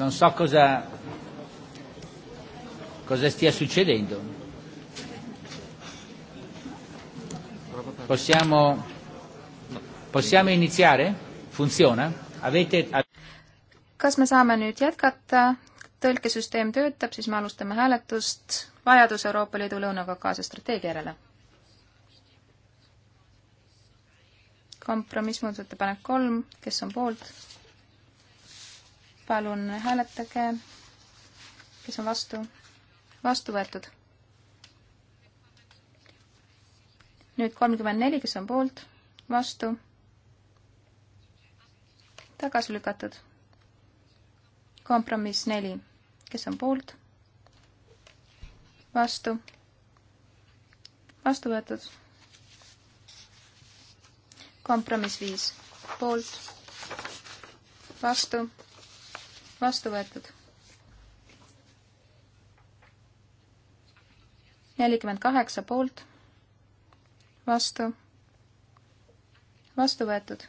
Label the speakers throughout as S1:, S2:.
S1: Non so cosa, cosa stia succedendo. Possiamo, possiamo iniziare? Funziona? Avete...
S2: kas me saame nüüd jätkata? tõlkesüsteem töötab, siis me alustame hääletust vajadus Euroopa Liidu Lõuna-Kaukaasia strateegia järele. kompromiss muudatusettepanek kolm, kes on poolt? palun hääletage, kes on vastu, vastu võetud. nüüd kolmkümmend neli, kes on poolt, vastu, tagasi lükatud. kompromiss neli, kes on poolt, vastu, vastu võetud. kompromiss viis, poolt, vastu vastu võetud. nelikümmend kaheksa poolt, vastu, vastu võetud.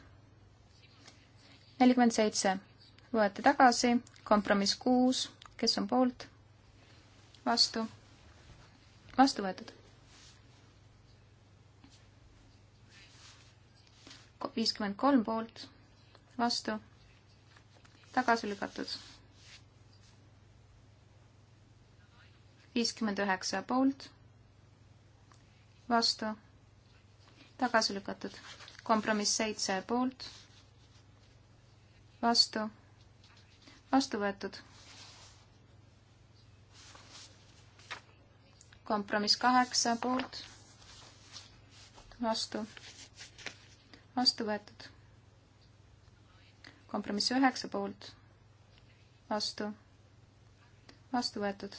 S2: nelikümmend seitse, võeti tagasi, kompromiss kuus, kes on poolt, vastu, vastu võetud. viiskümmend kolm poolt, vastu tagasi lükatud. viiskümmend üheksa poolt, vastu, tagasi lükatud. kompromiss seitse poolt, vastu, vastu võetud. kompromiss kaheksa poolt, vastu, vastu võetud kompromiss üheksa poolt, vastu, vastu võetud.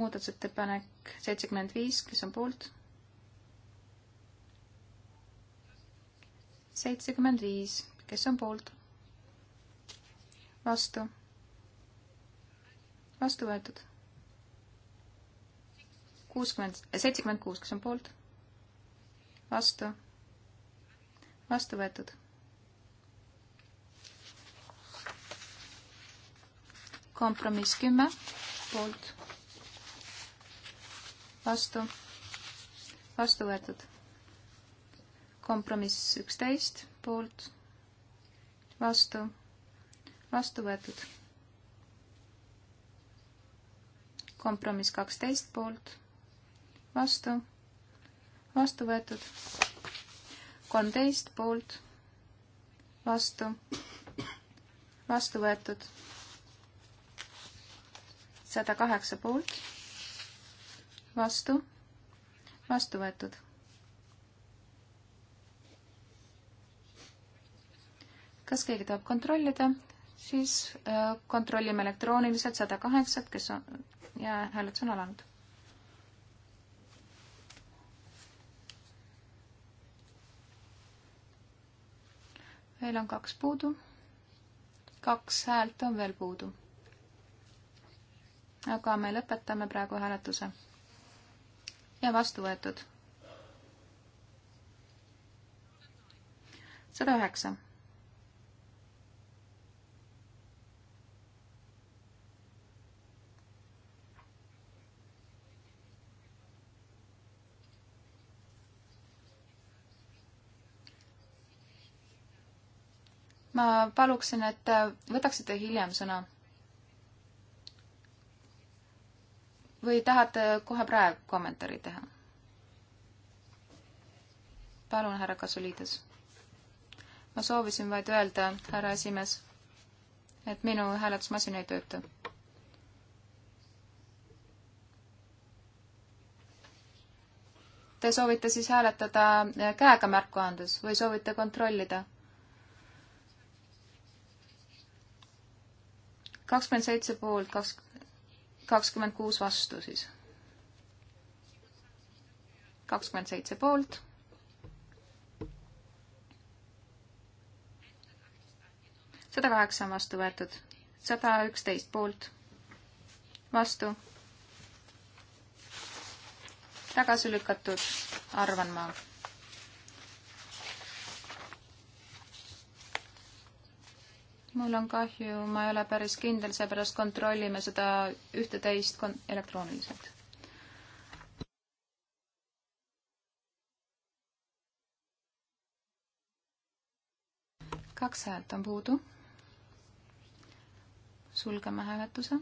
S2: muudatusettepanek seitsekümmend viis, kes on poolt? seitsekümmend viis, kes on poolt? vastu, vastu võetud. kuuskümmend, seitsekümmend kuus, kes on poolt? vastu, vastu võetud. kompromiss kümme, poolt, vastu, vastu võetud. kompromiss üksteist, poolt, vastu, vastu võetud. kompromiss kaksteist, poolt, vastu vastu võetud. kolmteist poolt, vastu, vastu võetud. sada kaheksa poolt, vastu, vastu võetud. kas keegi tahab kontrollida, siis äh, kontrollime elektrooniliselt sada kaheksat, kes on ja hääletus on alanud meil on kaks puudu. kaks häält on veel puudu. aga me lõpetame praegu hääletuse. ja vastu võetud. sada üheksa ma paluksin, et võtaksite hiljem sõna. või tahate kohe praegu kommentaari teha? palun, härra Kasuliidus. ma soovisin vaid öelda, härra esimees, et minu hääletusmasin ei tööta. Te soovite siis hääletada käega märku andes või soovite kontrollida? kakskümmend seitse poolt, kaks, kakskümmend kuus vastu siis. kakskümmend seitse poolt. sada kaheksa on vastu võetud, sada üksteist poolt, vastu. tagasi lükatud, arvan ma mul on kahju, ma ei ole päris kindel, seepärast kontrollime seda ühte-teist elektrooniliselt. kaks häält on puudu. sulgeme hääletuse.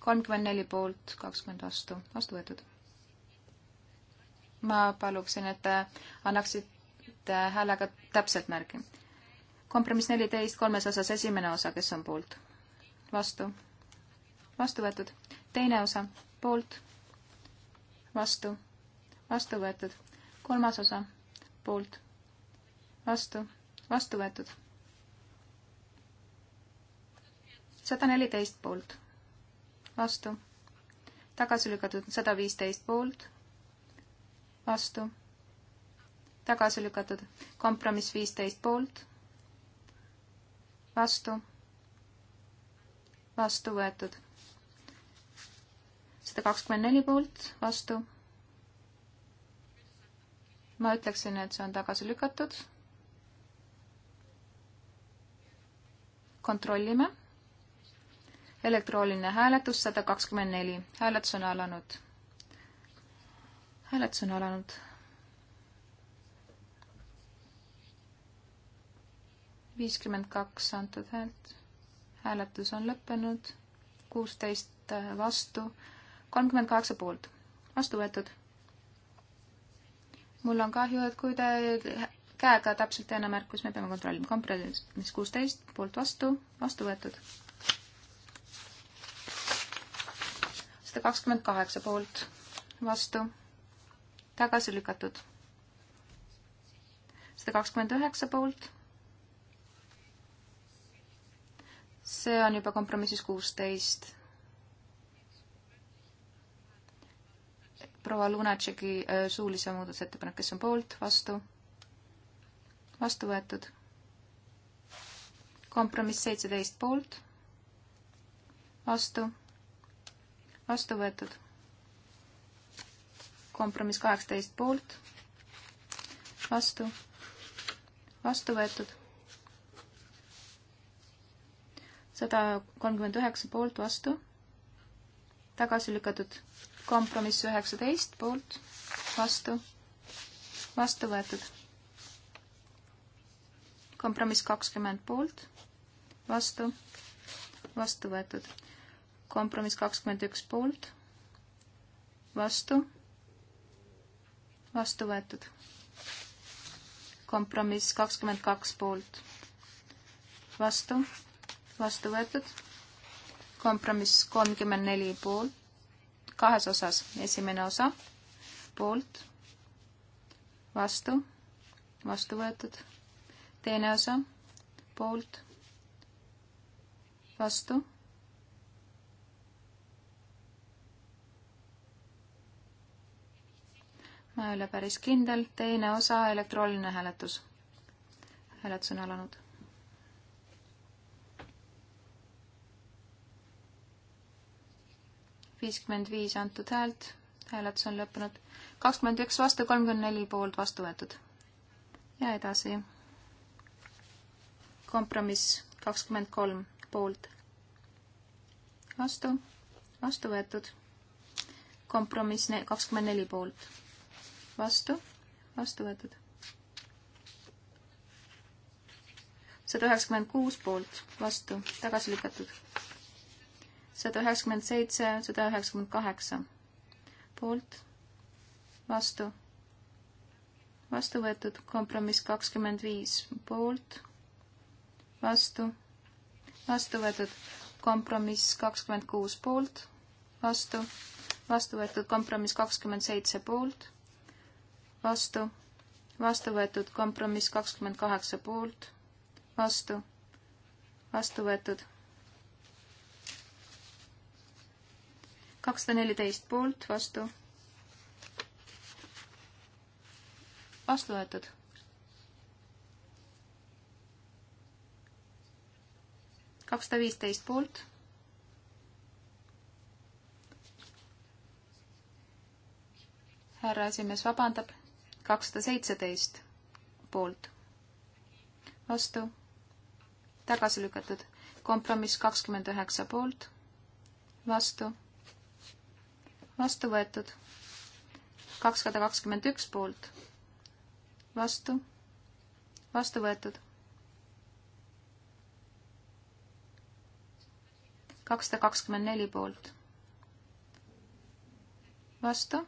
S2: kolmkümmend neli poolt, kakskümmend vastu, vastu võetud. ma paluksin, et annaksid häälega täpselt märgi kompromiss neliteist kolmes osas esimene osa, kes on poolt? vastu. vastu võetud. teine osa, poolt. vastu. vastu võetud. kolmas osa, poolt. vastu. vastu võetud. sada neliteist poolt. vastu. tagasi lükatud sada viisteist poolt. vastu. tagasi lükatud kompromiss viisteist poolt vastu, vastu võetud. sada kakskümmend neli poolt, vastu. ma ütleksin, et see on tagasi lükatud. kontrollime. elektrooniline hääletus sada kakskümmend neli, hääletus on alanud. hääletus on alanud viiskümmend kaks antud häält. hääletus on lõppenud, kuusteist äh, vastu, kolmkümmend kaheksa poolt, vastu võetud. mul on kahju, et kui te käega täpselt ei anna märku, siis me peame kontrollima. kompromiss kuusteist, poolt vastu, vastu võetud. sada kakskümmend kaheksa poolt, vastu, tagasi lükatud. sada kakskümmend üheksa poolt see on juba kompromissis kuusteist. proua Lunatšeki äh, suulise muudatusettepanek, kes on poolt, vastu? vastu võetud. kompromiss seitseteist poolt, vastu, vastu võetud. kompromiss kaheksateist poolt, vastu, vastu võetud sada kolmkümmend üheksa poolt vastu, tagasi lükatud kompromiss üheksateist poolt vastu, vastu võetud. kompromiss kakskümmend poolt vastu, vastu võetud. kompromiss kakskümmend üks poolt vastu, vastu võetud. kompromiss kakskümmend kaks poolt vastu vastu võetud. kompromiss kolmkümmend neli poolt, kahes osas, esimene osa poolt, vastu, vastu võetud. teine osa poolt, vastu ma ei ole päris kindel, teine osa elektrooniline hääletus. hääletus on alanud. viiskümmend viis antud häält, hääletus on lõppenud. kakskümmend üks vastu, kolmkümmend neli poolt vastu võetud. ja edasi. kompromiss kakskümmend kolm poolt. vastu, vastu võetud. kompromiss kakskümmend neli poolt. vastu, vastu võetud. sada üheksakümmend kuus poolt, vastu, tagasi lükatud sada üheksakümmend seitse, sada üheksakümmend kaheksa. poolt, vastu, vastu võetud, kompromiss kakskümmend viis, poolt, vastu, vastu võetud, kompromiss kakskümmend kuus, poolt, vastu, vastu võetud, kompromiss kakskümmend seitse, poolt, vastu, vastu võetud, kompromiss kakskümmend kaheksa, poolt, vastu, vastu võetud kakssada neliteist poolt, vastu. vastu võetud. kakssada viisteist poolt. härra esimees vabandab, kakssada seitseteist poolt, vastu, tagasi lükatud, kompromiss kakskümmend üheksa poolt, vastu vastu võetud. kakssada kakskümmend üks poolt, vastu, vastu võetud. kakssada kakskümmend neli poolt, vastu,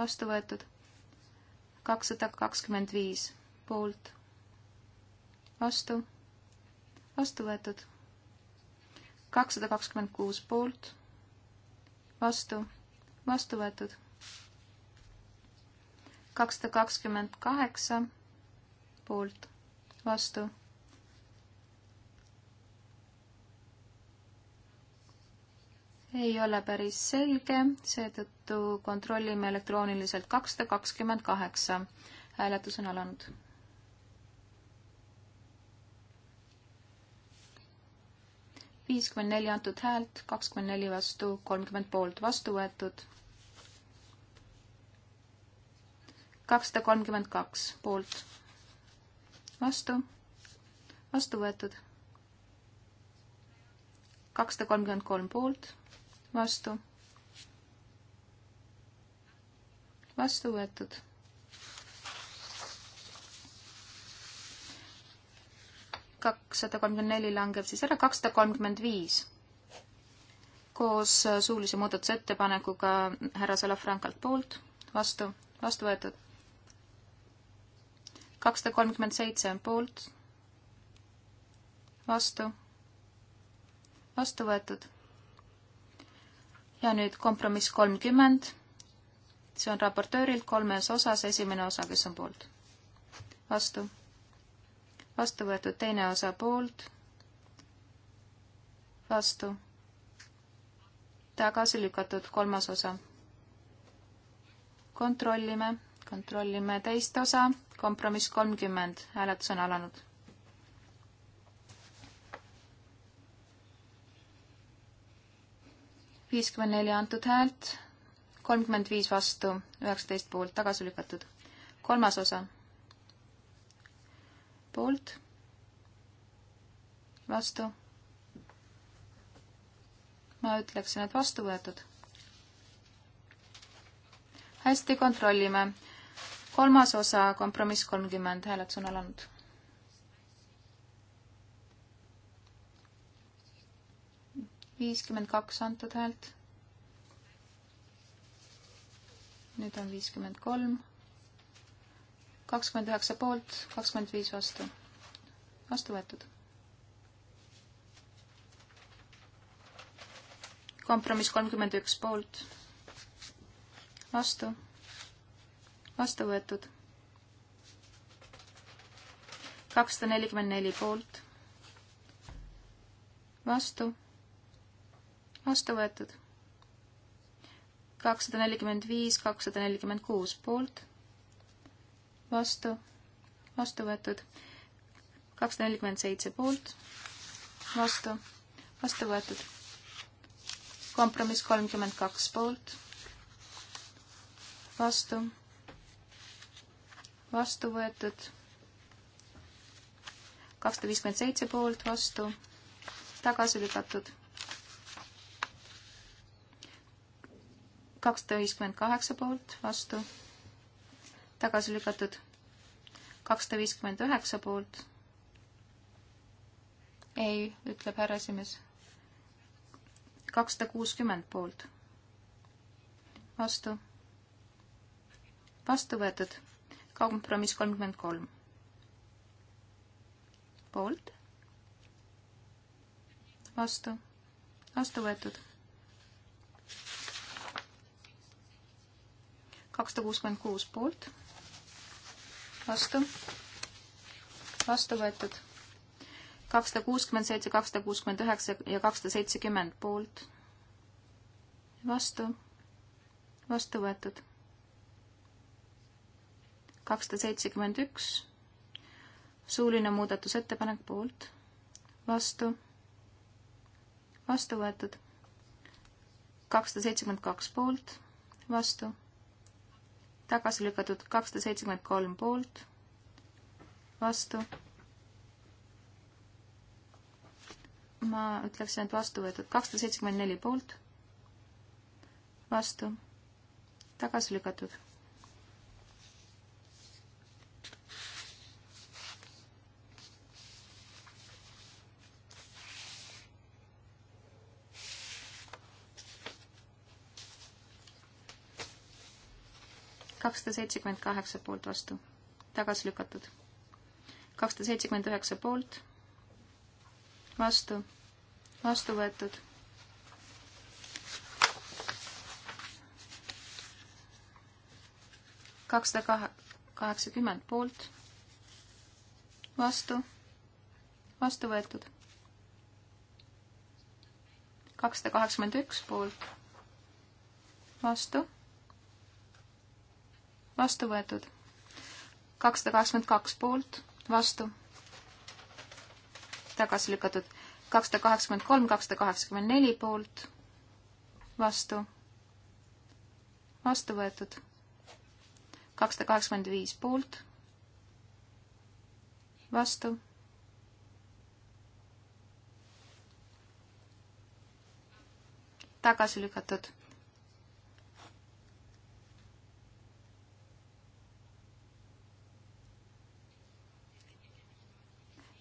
S2: vastu võetud. kakssada kakskümmend viis poolt, vastu, vastu võetud. kakssada kakskümmend kuus poolt vastu, vastu võetud. kakssada kakskümmend kaheksa poolt, vastu. ei ole päris selge, seetõttu kontrollime elektrooniliselt kakssada kakskümmend kaheksa. hääletus on alanud viiskümmend neli antud häält, kakskümmend neli vastu, kolmkümmend poolt vastu võetud. kakssada kolmkümmend kaks poolt vastu, vastu võetud. kakssada kolmkümmend kolm poolt vastu, vastu võetud kakssada kolmkümmend neli langeb siis ära, kakssada kolmkümmend viis koos suulise muudatusettepanekuga härra Salafrankalt poolt, vastu, vastu võetud. kakssada kolmkümmend seitse poolt, vastu, vastu võetud. ja nüüd kompromiss kolmkümmend, see on raportöörilt kolmes osas, esimene osa, kes on poolt, vastu vastu võetud teine osa poolt, vastu, tagasi lükatud kolmas osa. kontrollime, kontrollime teist osa, kompromiss kolmkümmend, hääletus on alanud. viiskümmend neli antud häält, kolmkümmend viis vastu, üheksateist poolt tagasi lükatud. kolmas osa poolt, vastu. ma ütleksin, et vastu võetud. hästi, kontrollime. kolmas osa, kompromiss kolmkümmend, hääletus on alanud. viiskümmend kaks antud häält. nüüd on viiskümmend kolm kakskümmend üheksa poolt, kakskümmend viis vastu. vastu võetud. kompromiss kolmkümmend üks poolt, vastu, vastu võetud. kakssada nelikümmend neli poolt, vastu, vastu võetud. kakssada nelikümmend viis, kakssada nelikümmend kuus poolt vastu, vastu võetud. kakssada nelikümmend seitse poolt, vastu, vastu võetud. kompromiss kolmkümmend kaks poolt, vastu, vastu võetud. kakssada viiskümmend seitse poolt, vastu, tagasi lükatud. kakssada viiskümmend kaheksa poolt, vastu tagasi lükatud. kakssada viiskümmend üheksa poolt. ei, ütleb härra esimees. kakssada kuuskümmend poolt. vastu. vastu võetud. kompromiss kolmkümmend kolm. poolt. vastu. vastu võetud kakssada kuuskümmend kuus poolt, vastu, vastu võetud. kakssada kuuskümmend seitse, kakssada kuuskümmend üheksa ja kakssada seitsekümmend poolt, vastu, vastu võetud. kakssada seitsekümmend üks, suuline muudatusettepanek poolt, vastu, vastu võetud. kakssada seitsekümmend kaks poolt, vastu tagasi lükatud kakssada seitsekümmend kolm poolt, vastu. ma ütleksin, et vastu võetud kakssada seitsekümmend neli poolt, vastu, tagasi lükatud kakssada seitsekümmend kaheksa poolt vastu, tagasi lükatud. kakssada seitsekümmend üheksa poolt, vastu, vastu võetud. kakssada kahe, kaheksakümmend poolt, vastu, vastu võetud. kakssada kaheksakümmend üks poolt, vastu vastu võetud. kakssada kakskümmend kaks poolt, vastu, tagasi lükatud. kakssada kaheksakümmend kolm, kakssada kaheksakümmend neli poolt, vastu, vastu võetud. kakssada kaheksakümmend viis poolt, vastu tagasi lükatud.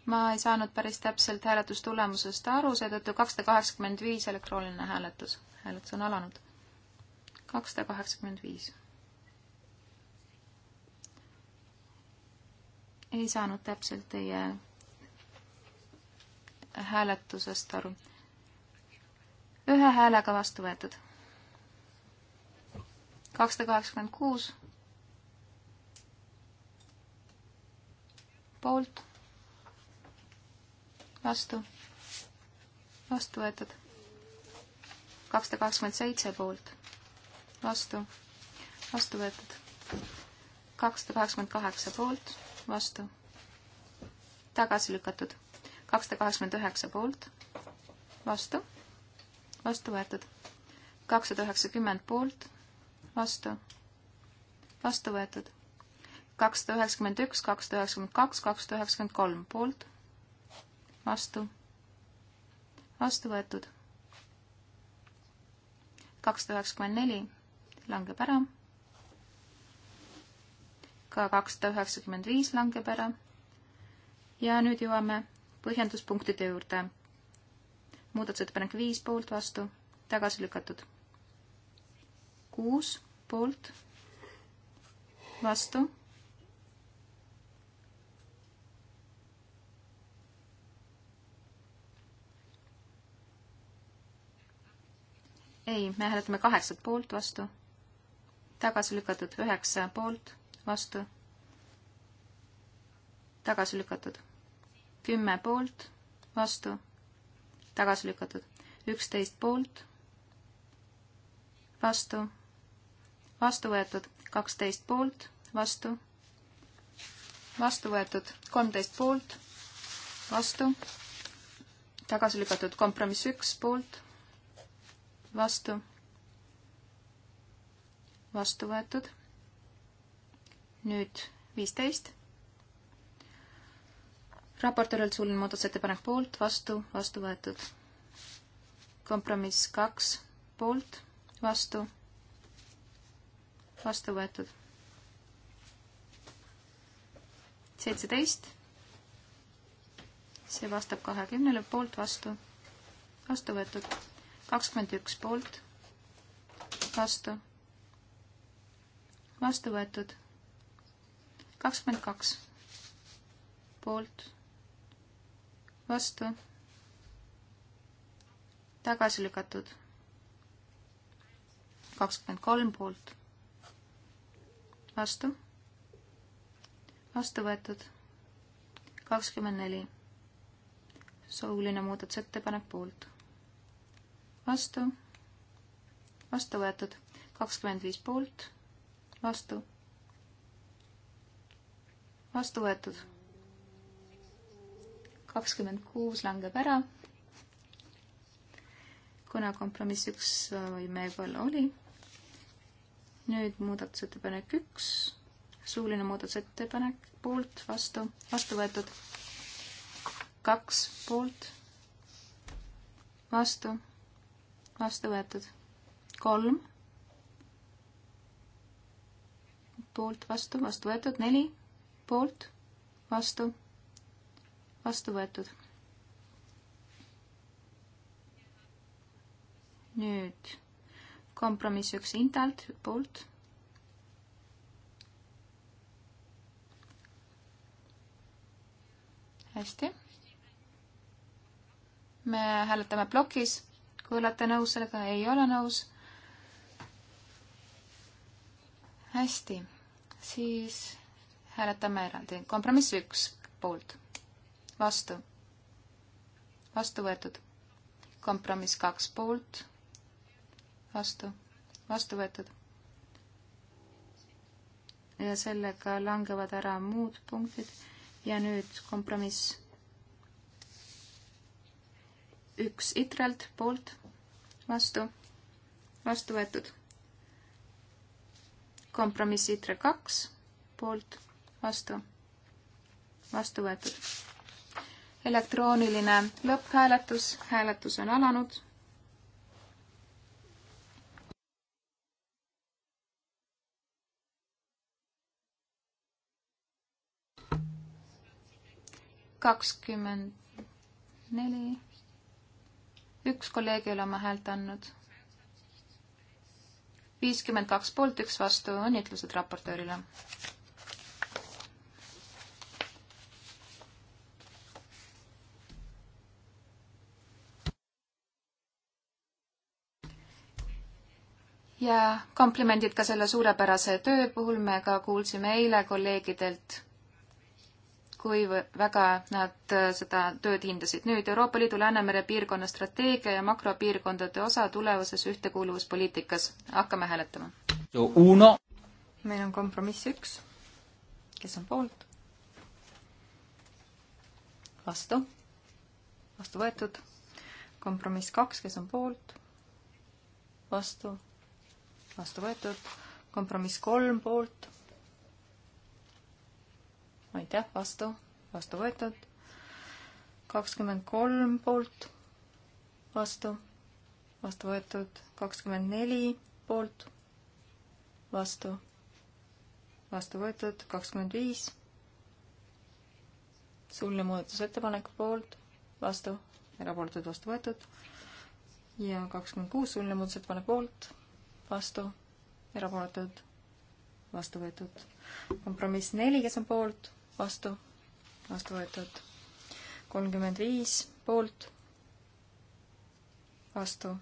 S2: ma ei saanud päris täpselt hääletustulemusest aru, seetõttu kakssada kaheksakümmend viis elektrooniline hääletus. hääletus on alanud. kakssada kaheksakümmend viis. ei saanud täpselt teie hääletusest aru. ühe häälega vastu võetud. kakssada kaheksakümmend kuus. poolt vastu, vastu võetud. kakssada kakskümmend seitse poolt, vastu, vastu võetud. kakssada kaheksakümmend kaheksa poolt, vastu, tagasi lükatud. kakssada kaheksakümmend üheksa poolt, vastu, vastu võetud. kakssada üheksakümmend poolt, vastu, vastu võetud kakssada üheksakümmend üks, kakssada üheksakümmend kaks, kakssada üheksakümmend kolm poolt, vastu, vastu võetud. kakssada üheksakümmend neli langeb ära. ka kakssada üheksakümmend viis langeb ära. ja nüüd jõuame põhjenduspunktide juurde. muudatusettepanek viis poolt vastu, tagasi lükatud. kuus poolt, vastu, ei, me hääletame kaheksat poolt vastu. tagasi lükatud üheksa poolt vastu. tagasi lükatud kümme poolt vastu. tagasi lükatud üksteist poolt vastu. vastu võetud kaksteist poolt vastu. vastu võetud kolmteist poolt vastu tagasi lükatud kompromiss üks poolt, vastu, vastu võetud. nüüd viisteist. raportööril suuline muudatusettepanek poolt, vastu, vastu võetud. kompromiss kaks, poolt, vastu, vastu võetud. seitseteist see vastab kahekümnele poolt vastu, vastu võetud kakskümmend üks poolt, vastu, vastu võetud, kakskümmend kaks poolt, vastu, tagasi lükatud, kakskümmend kolm poolt, vastu, vastu võetud, kakskümmend neli, suuline muudatusettepanek poolt vastu, vastu võetud, kakskümmend viis poolt, vastu, vastu võetud, kakskümmend kuus langeb ära, kuna kompromiss üks äh, meil juba oli. nüüd muudatusettepanek üks, suuline muudatusettepanek, poolt, vastu, vastu võetud, kaks poolt, vastu vastu võetud. kolm poolt, vastu, vastu võetud, neli poolt, vastu, vastu võetud. nüüd kompromiss üks hindalt poolt. hästi. me hääletame plokis kui olete nõus sellega, ei ole nõus. hästi, siis hääletame eraldi. kompromiss üks poolt, vastu, vastu võetud. kompromiss kaks poolt, vastu, vastu võetud. ja sellega langevad ära muud punktid ja nüüd kompromiss üks Itrelt poolt, vastu, vastu võetud. kompromiss Itre kaks poolt, vastu, vastu võetud. elektrooniline lõpphääletus, hääletus on alanud kakskümmend neli, üks kolleeg ei ole oma häält andnud. viiskümmend kaks poolt, üks vastu, õnnitlused raportöörile. ja komplimendid ka selle suurepärase töö puhul, me ka kuulsime eile kolleegidelt kui väga nad äh, seda tööd hindasid. nüüd Euroopa Liidu Läänemere piirkonna strateegia ja makropiirkondade osa tulevases ühtekuuluvuspoliitikas. hakkame hääletama.
S3: meil on kompromiss üks. kes on poolt? vastu? vastu võetud. kompromiss kaks, kes on poolt? vastu? vastu võetud. kompromiss kolm poolt aitäh, vastu, vastu võetud. kakskümmend kolm poolt, vastu, vastu võetud. kakskümmend neli poolt, vastu, vastu võetud. kakskümmend viis, suuline muudatusettepanek poolt, vastu, erapooletud, vastu võetud. ja kakskümmend kuus, suuline muudatusettepanek poolt, vastu, erapooletud vastu võetud. kompromiss neli, kes on poolt, vastu, vastu võetud. kolmkümmend viis poolt, vastu,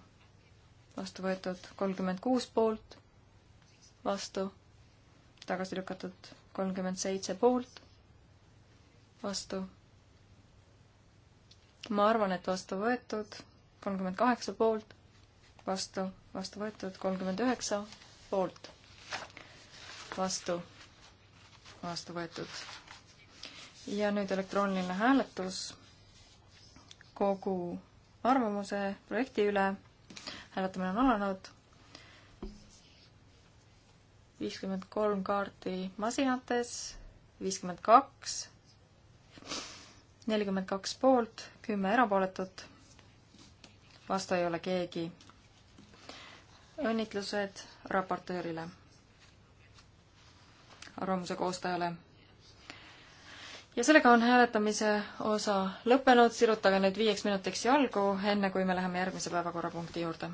S3: vastu võetud. kolmkümmend kuus poolt, vastu, tagasi lükatud. kolmkümmend seitse poolt, vastu. ma arvan, et vastu võetud. kolmkümmend kaheksa poolt, vastu, vastu võetud. kolmkümmend üheksa poolt vastu, vastu võetud ja nüüd elektrooniline hääletus kogu arvamuse projekti üle. hääletamine on alanud. viiskümmend kolm kaarti masinates, viiskümmend kaks, nelikümmend kaks poolt, kümme erapooletut. vastu ei ole keegi. õnnitlused raportöörile, arvamuse koostajale ja sellega on hääletamise osa lõppenud, sirutage nüüd viieks minutiks jalgu, enne kui me läheme järgmise päevakorrapunkti juurde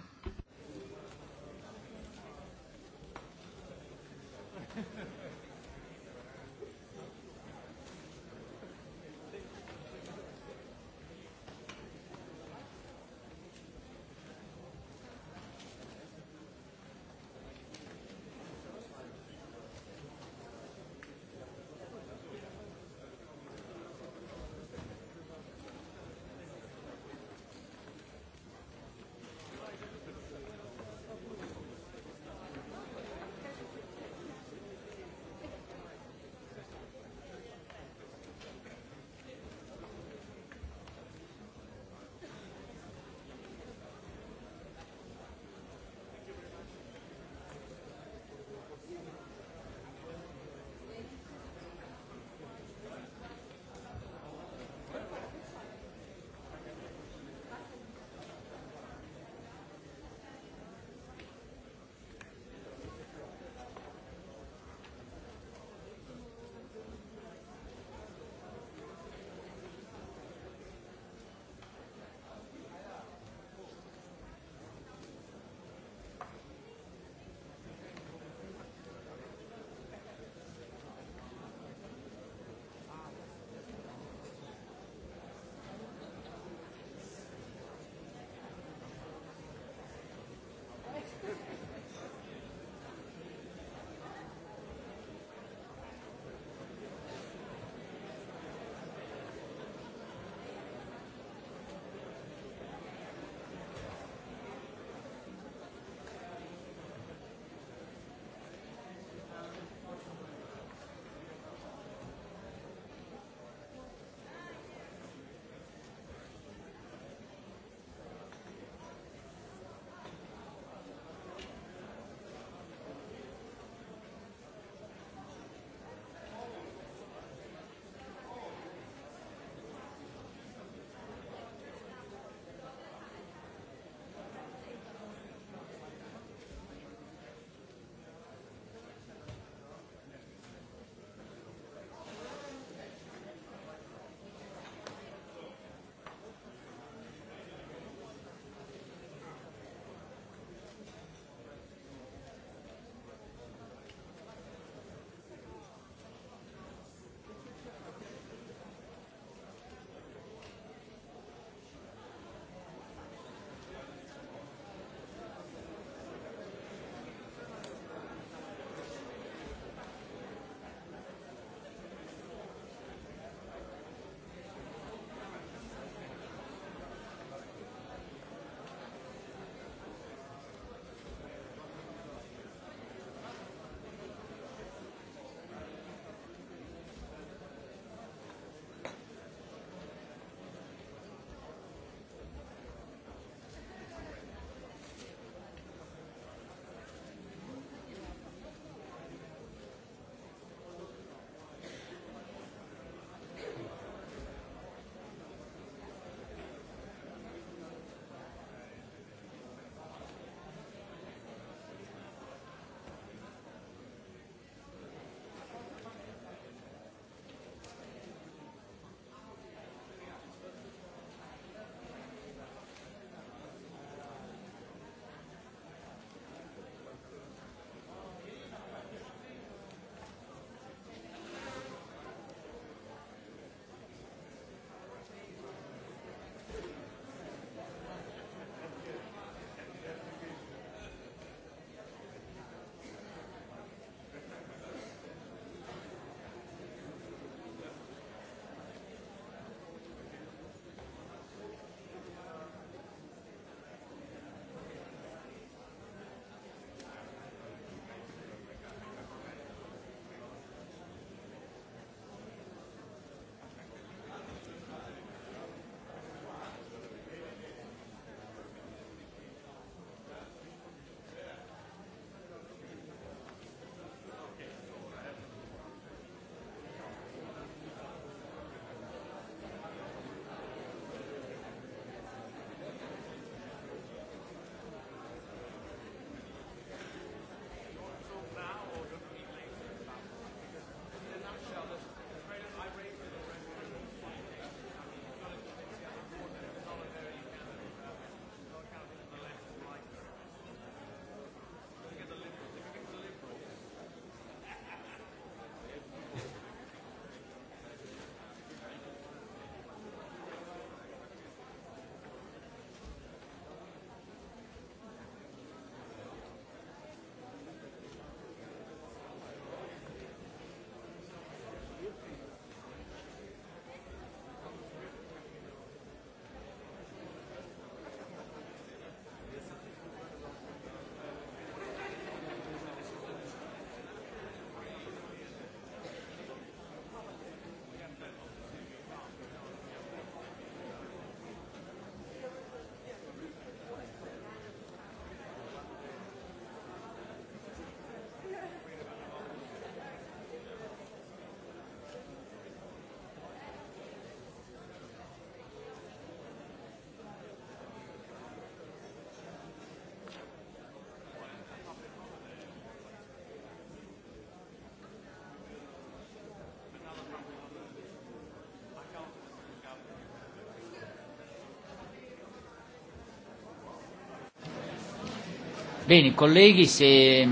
S1: Bene, kolleegi, see,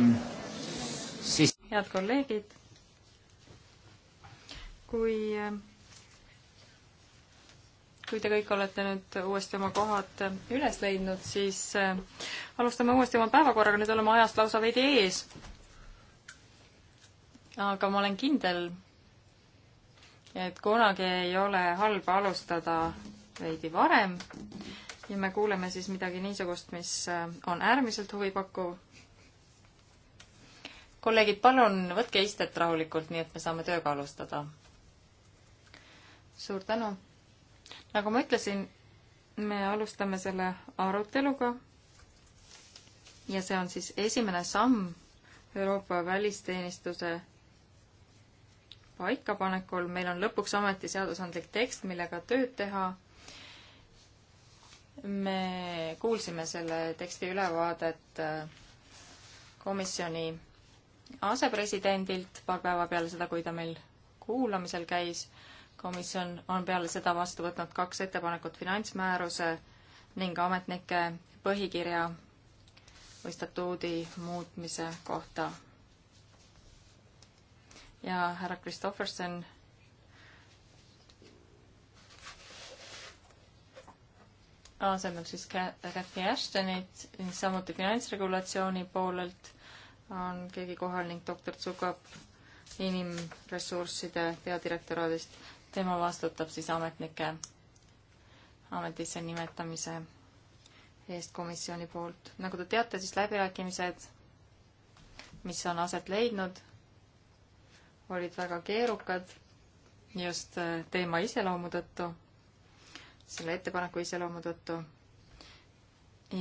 S1: see...
S3: head kolleegid, kui, kui te kõik olete nüüd uuesti oma kohad üles leidnud, siis äh, alustame uuesti oma päevakorraga, nüüd oleme ajast lausa veidi ees. aga ma olen kindel, et kunagi ei ole halba alustada veidi varem ja me kuuleme siis midagi niisugust, mis äh, on äärmiselt huvipakkuv. kolleegid, palun võtke istet rahulikult, nii et me saame tööga alustada. suur tänu. nagu ma ütlesin, me alustame selle aruteluga. ja see on siis esimene samm Euroopa välisteenistuse paikapanekul. meil on lõpuks ometi seadusandlik tekst, millega tööd teha me kuulsime selle teksti ülevaadet äh, komisjoni asepresidendilt paar päeva peale seda, kui ta meil kuulamisel käis. komisjon on peale seda vastu võtnud kaks ettepanekut finantsmääruse ning ametnike põhikirja või statuudi muutmise kohta. ja härra Kristofferson asemel siis Cathy Ashtonit, samuti finantsregulatsiooni poolelt on keegi kohal ning doktor Tsukab inimressursside peadirektoraadist. tema vastutab siis ametnike ametisse nimetamise eest komisjoni poolt. nagu te teate, siis läbirääkimised, mis on aset leidnud, olid väga keerukad just äh, teema iseloomu tõttu selle ettepaneku iseloomu tõttu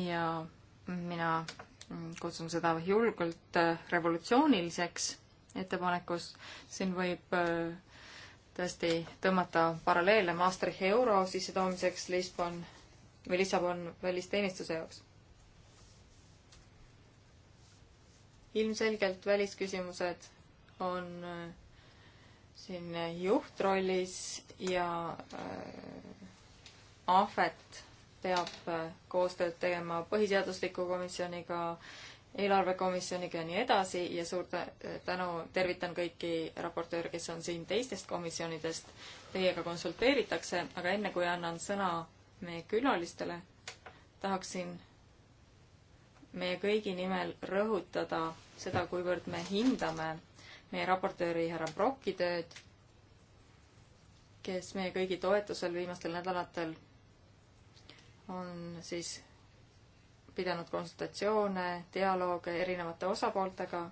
S3: ja mina kutsun seda julgelt revolutsiooniliseks ettepanekust. siin võib äh, tõesti tõmmata paralleele Maastrichti euro sissetoomiseks Lisbon või Lissabon välisteenistuse jaoks. ilmselgelt välisküsimused on äh, siin juhtrollis ja äh, ahvet peab äh, koostööd tegema põhiseadusliku komisjoniga, eelarvekomisjoniga ja nii edasi ja suur äh, tänu, tervitan kõiki raportööre, kes on siin teistest komisjonidest, teiega konsulteeritakse, aga enne kui annan sõna meie külalistele, tahaksin meie kõigi nimel rõhutada seda, kuivõrd me hindame meie raportööri härra Brocki tööd, kes meie kõigi toetusel viimastel nädalatel on siis pidanud konsultatsioone, dialoog erinevate osapooltega.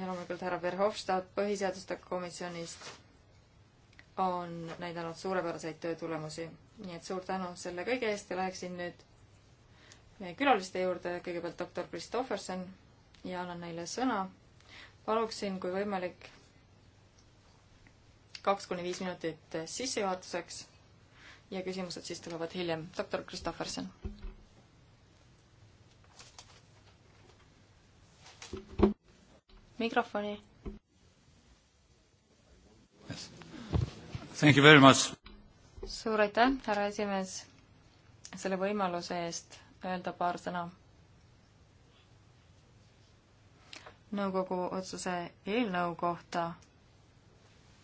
S3: ja loomulikult härra Verhofstadt põhiseaduste komisjonist on näidanud suurepäraseid töötulemusi. nii et suur tänu selle kõige eest ja läheksin nüüd meie külaliste juurde, kõigepealt doktor Kristofferson ja annan neile sõna. paluksin, kui võimalik, kaks kuni viis minutit sissejuhatuseks ja küsimused siis tulevad hiljem. doktor Kristofferson. mikrofoni.
S4: Thank you very much.
S3: suur aitäh, härra esimees, selle võimaluse eest öelda paar sõna nõukogu otsuse eelnõu kohta,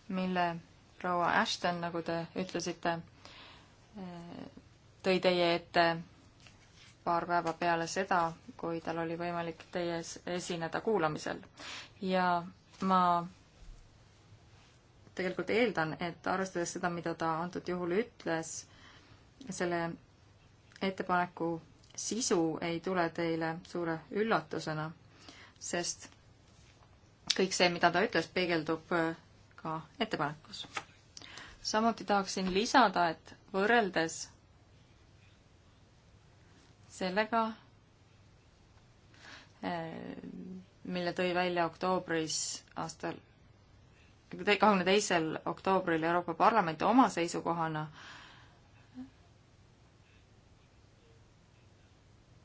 S3: mille proua Ashton, nagu te ütlesite, tõi teie ette paar päeva peale seda, kui tal oli võimalik teie ees esineda kuulamisel. ja ma tegelikult eeldan, et arvestades seda, mida ta antud juhul ütles, selle ettepaneku sisu ei tule teile suure üllatusena, sest kõik see, mida ta ütles, peegeldub ka ettepanekus. samuti tahaksin lisada, et võrreldes sellega, eh, mille tõi välja oktoobris aastal, kahekümne teisel oktoobril Euroopa Parlament oma seisukohana,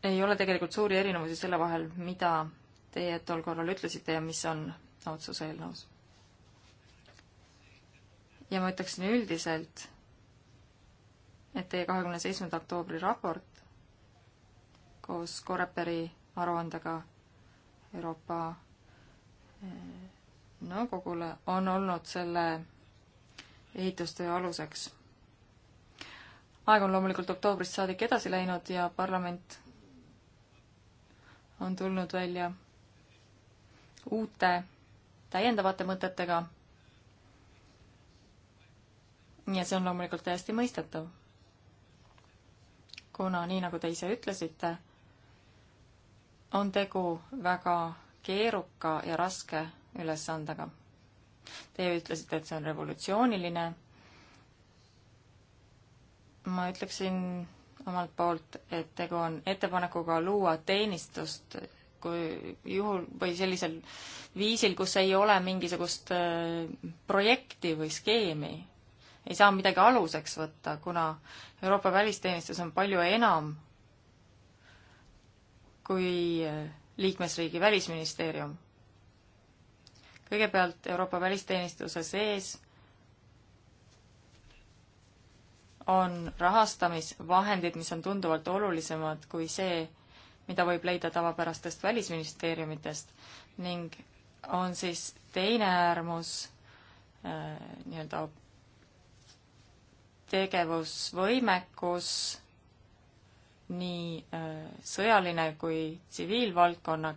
S3: ei ole tegelikult suuri erinevusi selle vahel, mida teie tol korral ütlesite ja mis on otsuse eelnõus. ja ma ütleksin üldiselt et teie kahekümne seitsmenda oktoobri raport koos Coreperi aruandega Euroopa eh, Nõukogule on olnud selle ehitustöö aluseks. aeg on loomulikult oktoobrist saadik edasi läinud ja parlament on tulnud välja uute täiendavate mõtetega. ja see on loomulikult täiesti mõistetav kuna nii, nagu te ise ütlesite, on tegu väga keeruka ja raske ülesandega. Teie ütlesite, et see on revolutsiooniline. ma ütleksin omalt poolt, et tegu on ettepanekuga luua teenistust kui juhul või sellisel viisil, kus ei ole mingisugust äh, projekti või skeemi ei saa midagi aluseks võtta, kuna Euroopa välisteenistus on palju enam kui liikmesriigi välisministeerium. kõigepealt Euroopa välisteenistuse sees on rahastamisvahendid, mis on tunduvalt olulisemad kui see, mida võib leida tavapärastest välisministeeriumitest ning on siis teine äärmus äh, nii-öelda tegevusvõimekus, nii äh, sõjaline kui tsiviilvaldkonna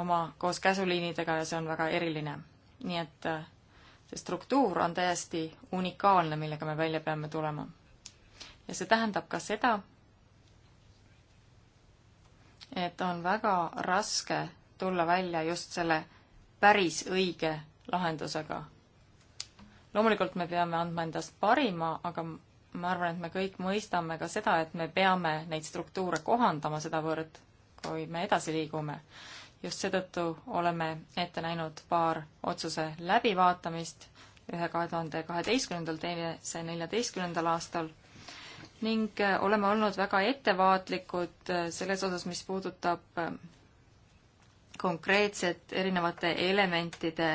S3: oma koos käsuliinidega ja see on väga eriline. nii et äh, see struktuur on täiesti unikaalne, millega me välja peame tulema. ja see tähendab ka seda, et on väga raske tulla välja just selle päris õige lahendusega loomulikult me peame andma endast parima, aga ma arvan, et me kõik mõistame ka seda, et me peame neid struktuure kohandama sedavõrd, kui me edasi liigume. just seetõttu oleme ette näinud paar otsuse läbivaatamist, ühe kahe tuhande kaheteistkümnendal, teine see neljateistkümnendal aastal ning äh, oleme olnud väga ettevaatlikud äh, selles osas, mis puudutab ähm, konkreetset erinevate elementide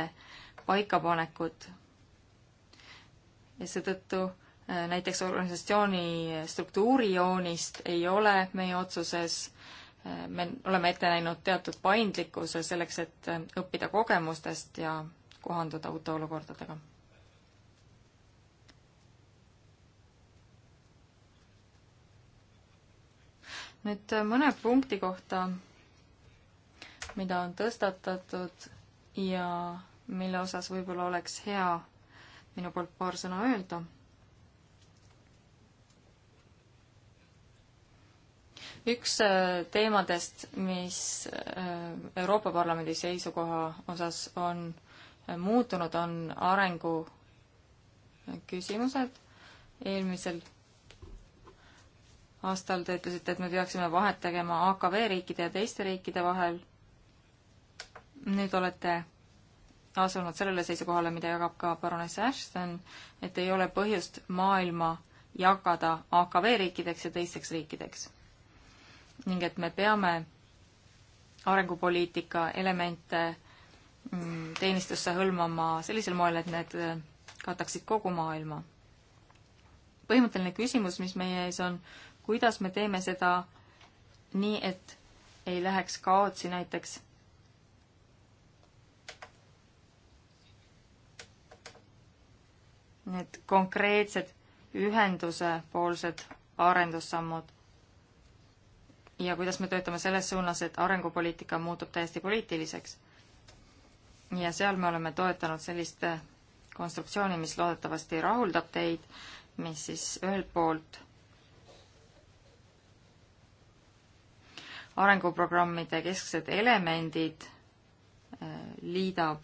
S3: paikapanekut ja seetõttu äh, näiteks organisatsiooni struktuurijoonist ei ole meie otsuses, äh, me oleme ette näinud teatud paindlikkuse selleks, et äh, õppida kogemustest ja kohanduda uute olukordadega. nüüd mõne punkti kohta, mida on tõstatatud ja mille osas võib-olla oleks hea minu poolt paar sõna öelda. üks äh, teemadest, mis äh, Euroopa Parlamendi seisukoha osas on äh, muutunud, on arengu küsimused. eelmisel aastal te ütlesite, et me peaksime vahet tegema AKV riikide ja teiste riikide vahel. nüüd olete asunud sellele seisukohale, mida jagab ka baroness Ashton, et ei ole põhjust maailma jagada AKV riikideks ja teisteks riikideks. ning et me peame arengupoliitika elemente mm, teenistusse hõlmama sellisel moel, et need äh, kataksid kogu maailma. põhimõtteline küsimus, mis meie ees on, kuidas me teeme seda nii, et ei läheks kaotsi näiteks need konkreetsed ühenduse poolsed arendussammud ja kuidas me töötame selles suunas, et arengupoliitika muutub täiesti poliitiliseks. ja seal me oleme toetanud sellist konstruktsiooni, mis loodetavasti rahuldab teid, mis siis ühelt poolt arenguprogrammide kesksed elemendid eh, liidab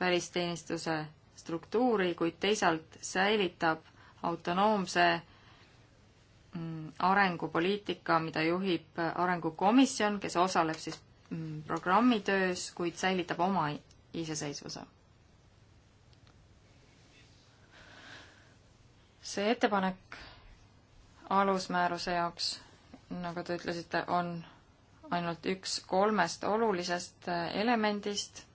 S3: välisteenistuse struktuuri, kuid teisalt säilitab autonoomse mm, arengupoliitika, mida juhib Arengukomisjon, kes osaleb siis mm, programmi töös, kuid säilitab oma iseseisvuse. see ettepanek alusmääruse jaoks, nagu te ütlesite, on ainult üks kolmest olulisest eh, elemendist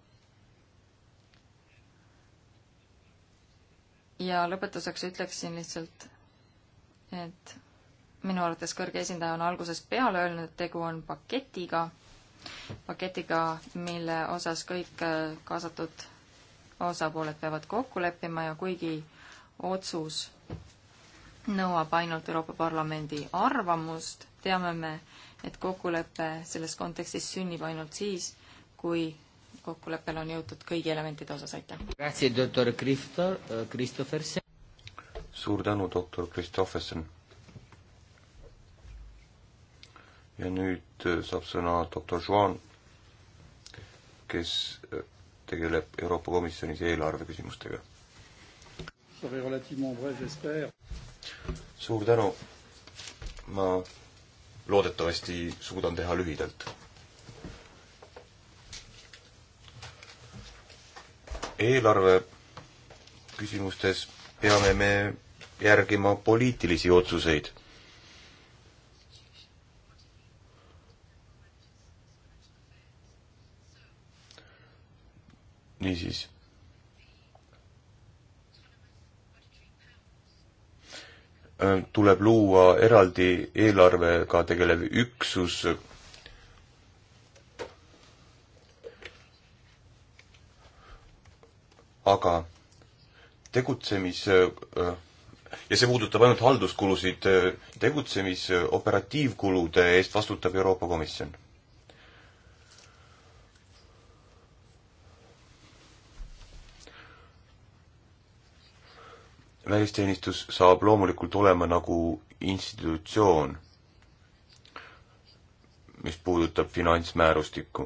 S3: ja lõpetuseks ütleksin lihtsalt, et minu arvates kõrge esindaja on algusest peale öelnud, et tegu on paketiga, paketiga, mille osas kõik äh, kaasatud osapooled peavad kokku leppima ja kuigi otsus nõuab ainult Euroopa Parlamendi arvamust, teame me, et kokkulepe selles kontekstis sünnib ainult siis, kui kokkuleppele on jõutud kõigi elementide osas, aitäh! Äh,
S4: suur tänu, doktor Kristofferson! ja nüüd äh, saab sõna doktor Juan, kes äh, tegeleb Euroopa Komisjonis eelarve küsimustega. suur tänu, ma loodetavasti suudan teha lühidalt eelarve küsimustes peame me järgima poliitilisi otsuseid. niisiis. Äh, tuleb luua eraldi eelarvega tegelev üksus aga tegutsemis ja see puudutab ainult halduskulusid, tegutsemis operatiivkulude eest vastutab Euroopa Komisjon. välisteenistus saab loomulikult olema nagu institutsioon, mis puudutab finantsmäärustikku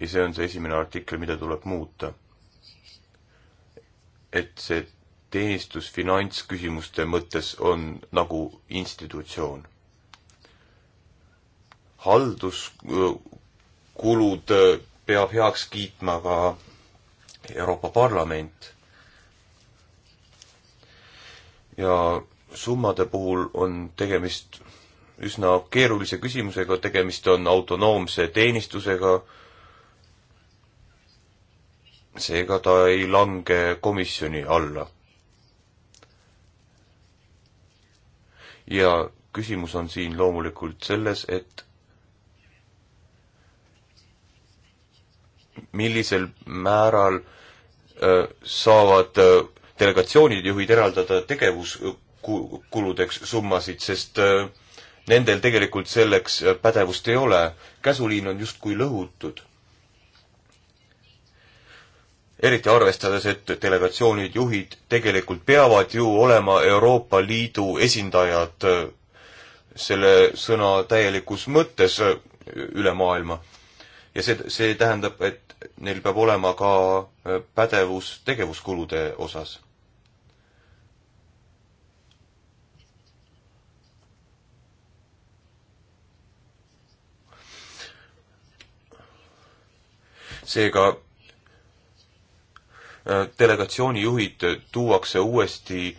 S4: ja see on see esimene artikkel, mida tuleb muuta. et see teenistus finantsküsimuste mõttes on nagu institutsioon. halduskulud äh, peab heaks kiitma ka Euroopa Parlament. ja summade puhul on tegemist üsna keerulise küsimusega, tegemist on autonoomse teenistusega, seega ta ei lange komisjoni alla. ja küsimus on siin loomulikult selles, et millisel määral äh, saavad äh, delegatsioonid, juhid eraldada tegevuskuludeks summasid, sest äh, nendel tegelikult selleks äh, pädevust ei ole. käsuliin on justkui lõhutud eriti arvestades, et delegatsioonid, juhid tegelikult peavad ju olema Euroopa Liidu esindajad äh, selle sõna täielikus mõttes äh, üle maailma. ja see, see tähendab, et neil peab olema ka äh, pädevus tegevuskulude osas. seega Äh, delegatsiooni juhid tuuakse uuesti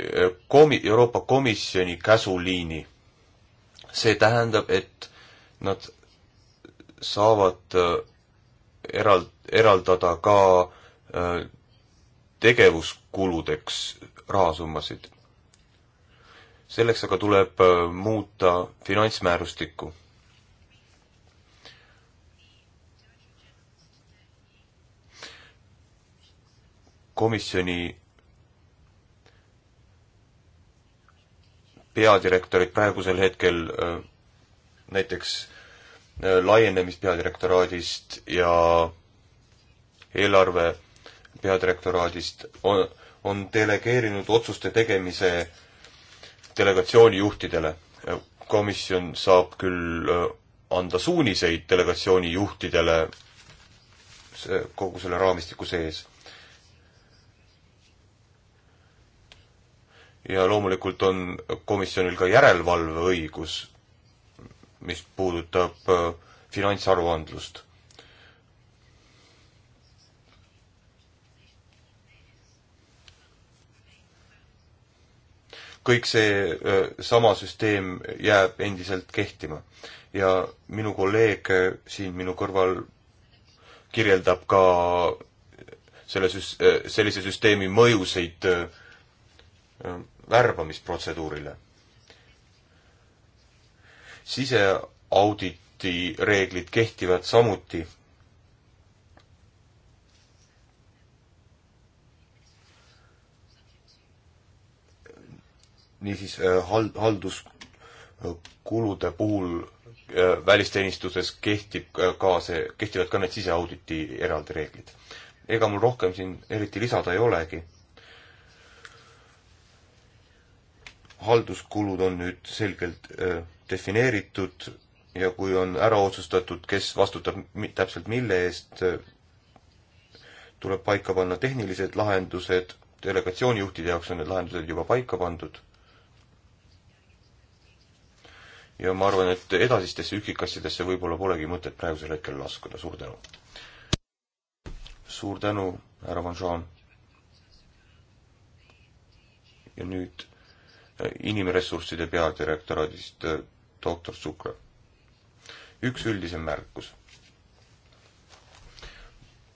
S4: äh, komi-, Euroopa Komisjoni käsuliini. see tähendab, et nad saavad äh, eral-, eraldada ka tegevuskuludeks rahasummasid. selleks aga tuleb muuta finantsmäärustikku komisjoni peadirektorid praegusel hetkel äh, näiteks äh, laienemispeadirektoraadist ja eelarve peadirektoraadist on, on delegeerinud otsuste tegemise delegatsiooni juhtidele. komisjon saab küll äh, anda suuniseid delegatsiooni juhtidele kogu selle raamistiku sees ja loomulikult on komisjonil ka järelevalveõigus, mis puudutab äh, finantsaruandlust. kõik see äh, sama süsteem jääb endiselt kehtima ja minu kolleeg äh, siin minu kõrval kirjeldab ka selle süs-, sellise süsteemi mõjusid värbamisprotseduurile. siseauditi reeglid kehtivad samuti. niisiis äh, hald-, halduskulude puhul äh, välisteenistuses kehtib ka see, kehtivad ka need siseauditi eraldi reeglid. ega mul rohkem siin eriti lisada ei olegi halduskulud on nüüd selgelt öö, äh, defineeritud ja kui on ära otsustatud, kes vastutab täpselt mille eest, äh, tuleb paika panna tehnilised lahendused, delegatsioonijuhtide jaoks on need lahendused juba paika pandud. ja ma arvan, et edasistesse üksikasjadesse võib-olla polegi mõtet praegusel hetkel laskuda, suur tänu. suur tänu, härra Van Jean. ja nüüd inimressursside peadirektoraadist äh, doktor Sukra. üks üldisem märkus.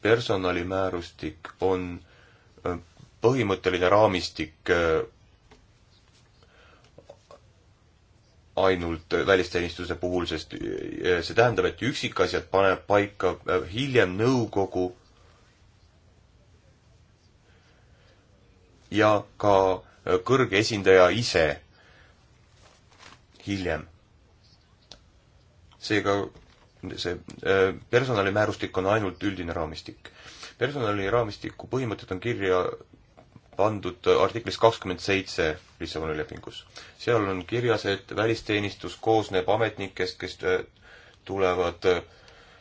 S4: personalimäärustik on äh, põhimõtteline raamistik äh, ainult välisteenistuse puhul, sest see tähendab, et üksikasjad paneb paika hiljem nõukogu ja ka kõrge esindaja ise hiljem. seega see äh, personalimäärustik on ainult üldine raamistik. personaliraamistiku põhimõtted on kirja pandud artiklis kakskümmend seitse Lissaboni lepingus. seal on kirjas, et välisteenistus koosneb ametnikest, kes äh, tulevad äh,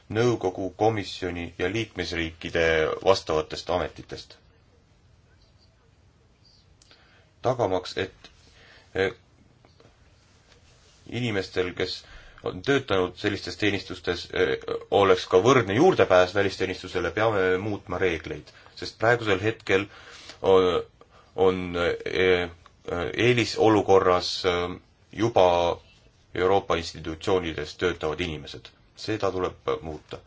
S4: nõukogu, komisjoni ja liikmesriikide vastavatest ametitest tagamaks, et e, inimestel, kes on töötanud sellistes teenistustes, e, oleks ka võrdne juurdepääs välisteenistusele, peame muutma reegleid. sest praegusel hetkel on, on e, eelisolukorras juba Euroopa institutsioonides töötavad inimesed. seda tuleb muuta.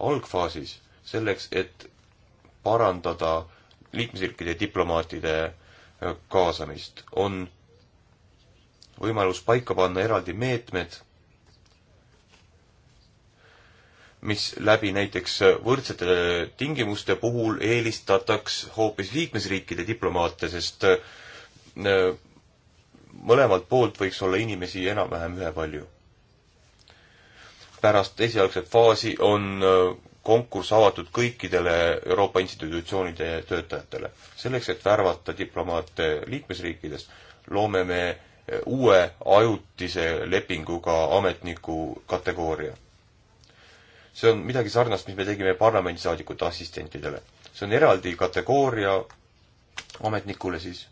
S4: algfaasis selleks, et parandada liikmesriikide diplomaatide kaasamist, on võimalus paika panna eraldi meetmed, mis läbi näiteks võrdsete tingimuste puhul eelistataks hoopis liikmesriikide diplomaate, sest äh, mõlemalt poolt võiks olla inimesi enam-vähem ühepalju. pärast esialgset faasi on äh, konkurss avatud kõikidele Euroopa institutsioonide töötajatele. selleks, et värvata diplomaate liikmesriikidest, loome me eh, uue ajutise lepinguga ametniku kategooria. see on midagi sarnast, mis me tegime parlamendisaadikute assistentidele. see on eraldi kategooria ametnikule siis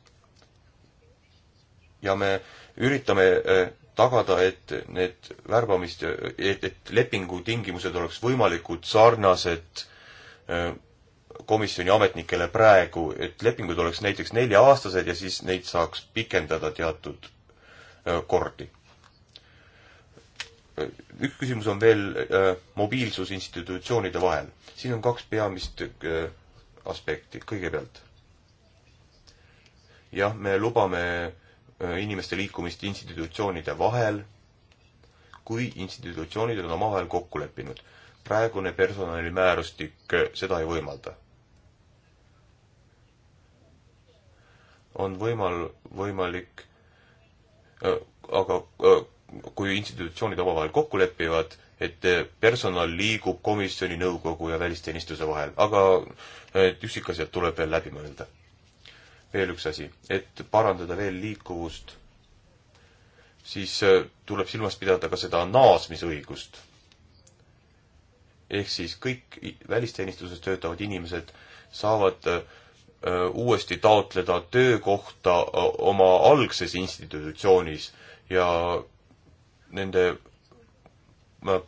S4: ja me üritame eh, tagada, et need värbamist, et, et lepingutingimused oleks võimalikult sarnased äh, komisjoni ametnikele praegu, et lepingud oleks näiteks nelja-aastased ja siis neid saaks pikendada teatud äh, kordi. Äh, üks küsimus on veel mobiilsus institutsioonide vahel. siin on kaks peamist aspekti. kõigepealt, jah, me lubame Äh, inimeste liikumist institutsioonide vahel, kui institutsioonid on omavahel kokku leppinud. praegune personalimäärustik äh, seda ei võimalda. on võimal-, võimalik, äh, aga kui institutsioonid omavahel kokku lepivad, et personal liigub komisjoni, nõukogu ja välisteenistuse vahel, aga üksikasjad tuleb veel läbi mõelda veel üks asi, et parandada veel liikuvust, siis äh, tuleb silmas pidada ka seda naasmisõigust. ehk siis kõik välisteenistuses töötavad inimesed saavad äh, äh, uuesti taotleda töökohta oma algses institutsioonis ja nende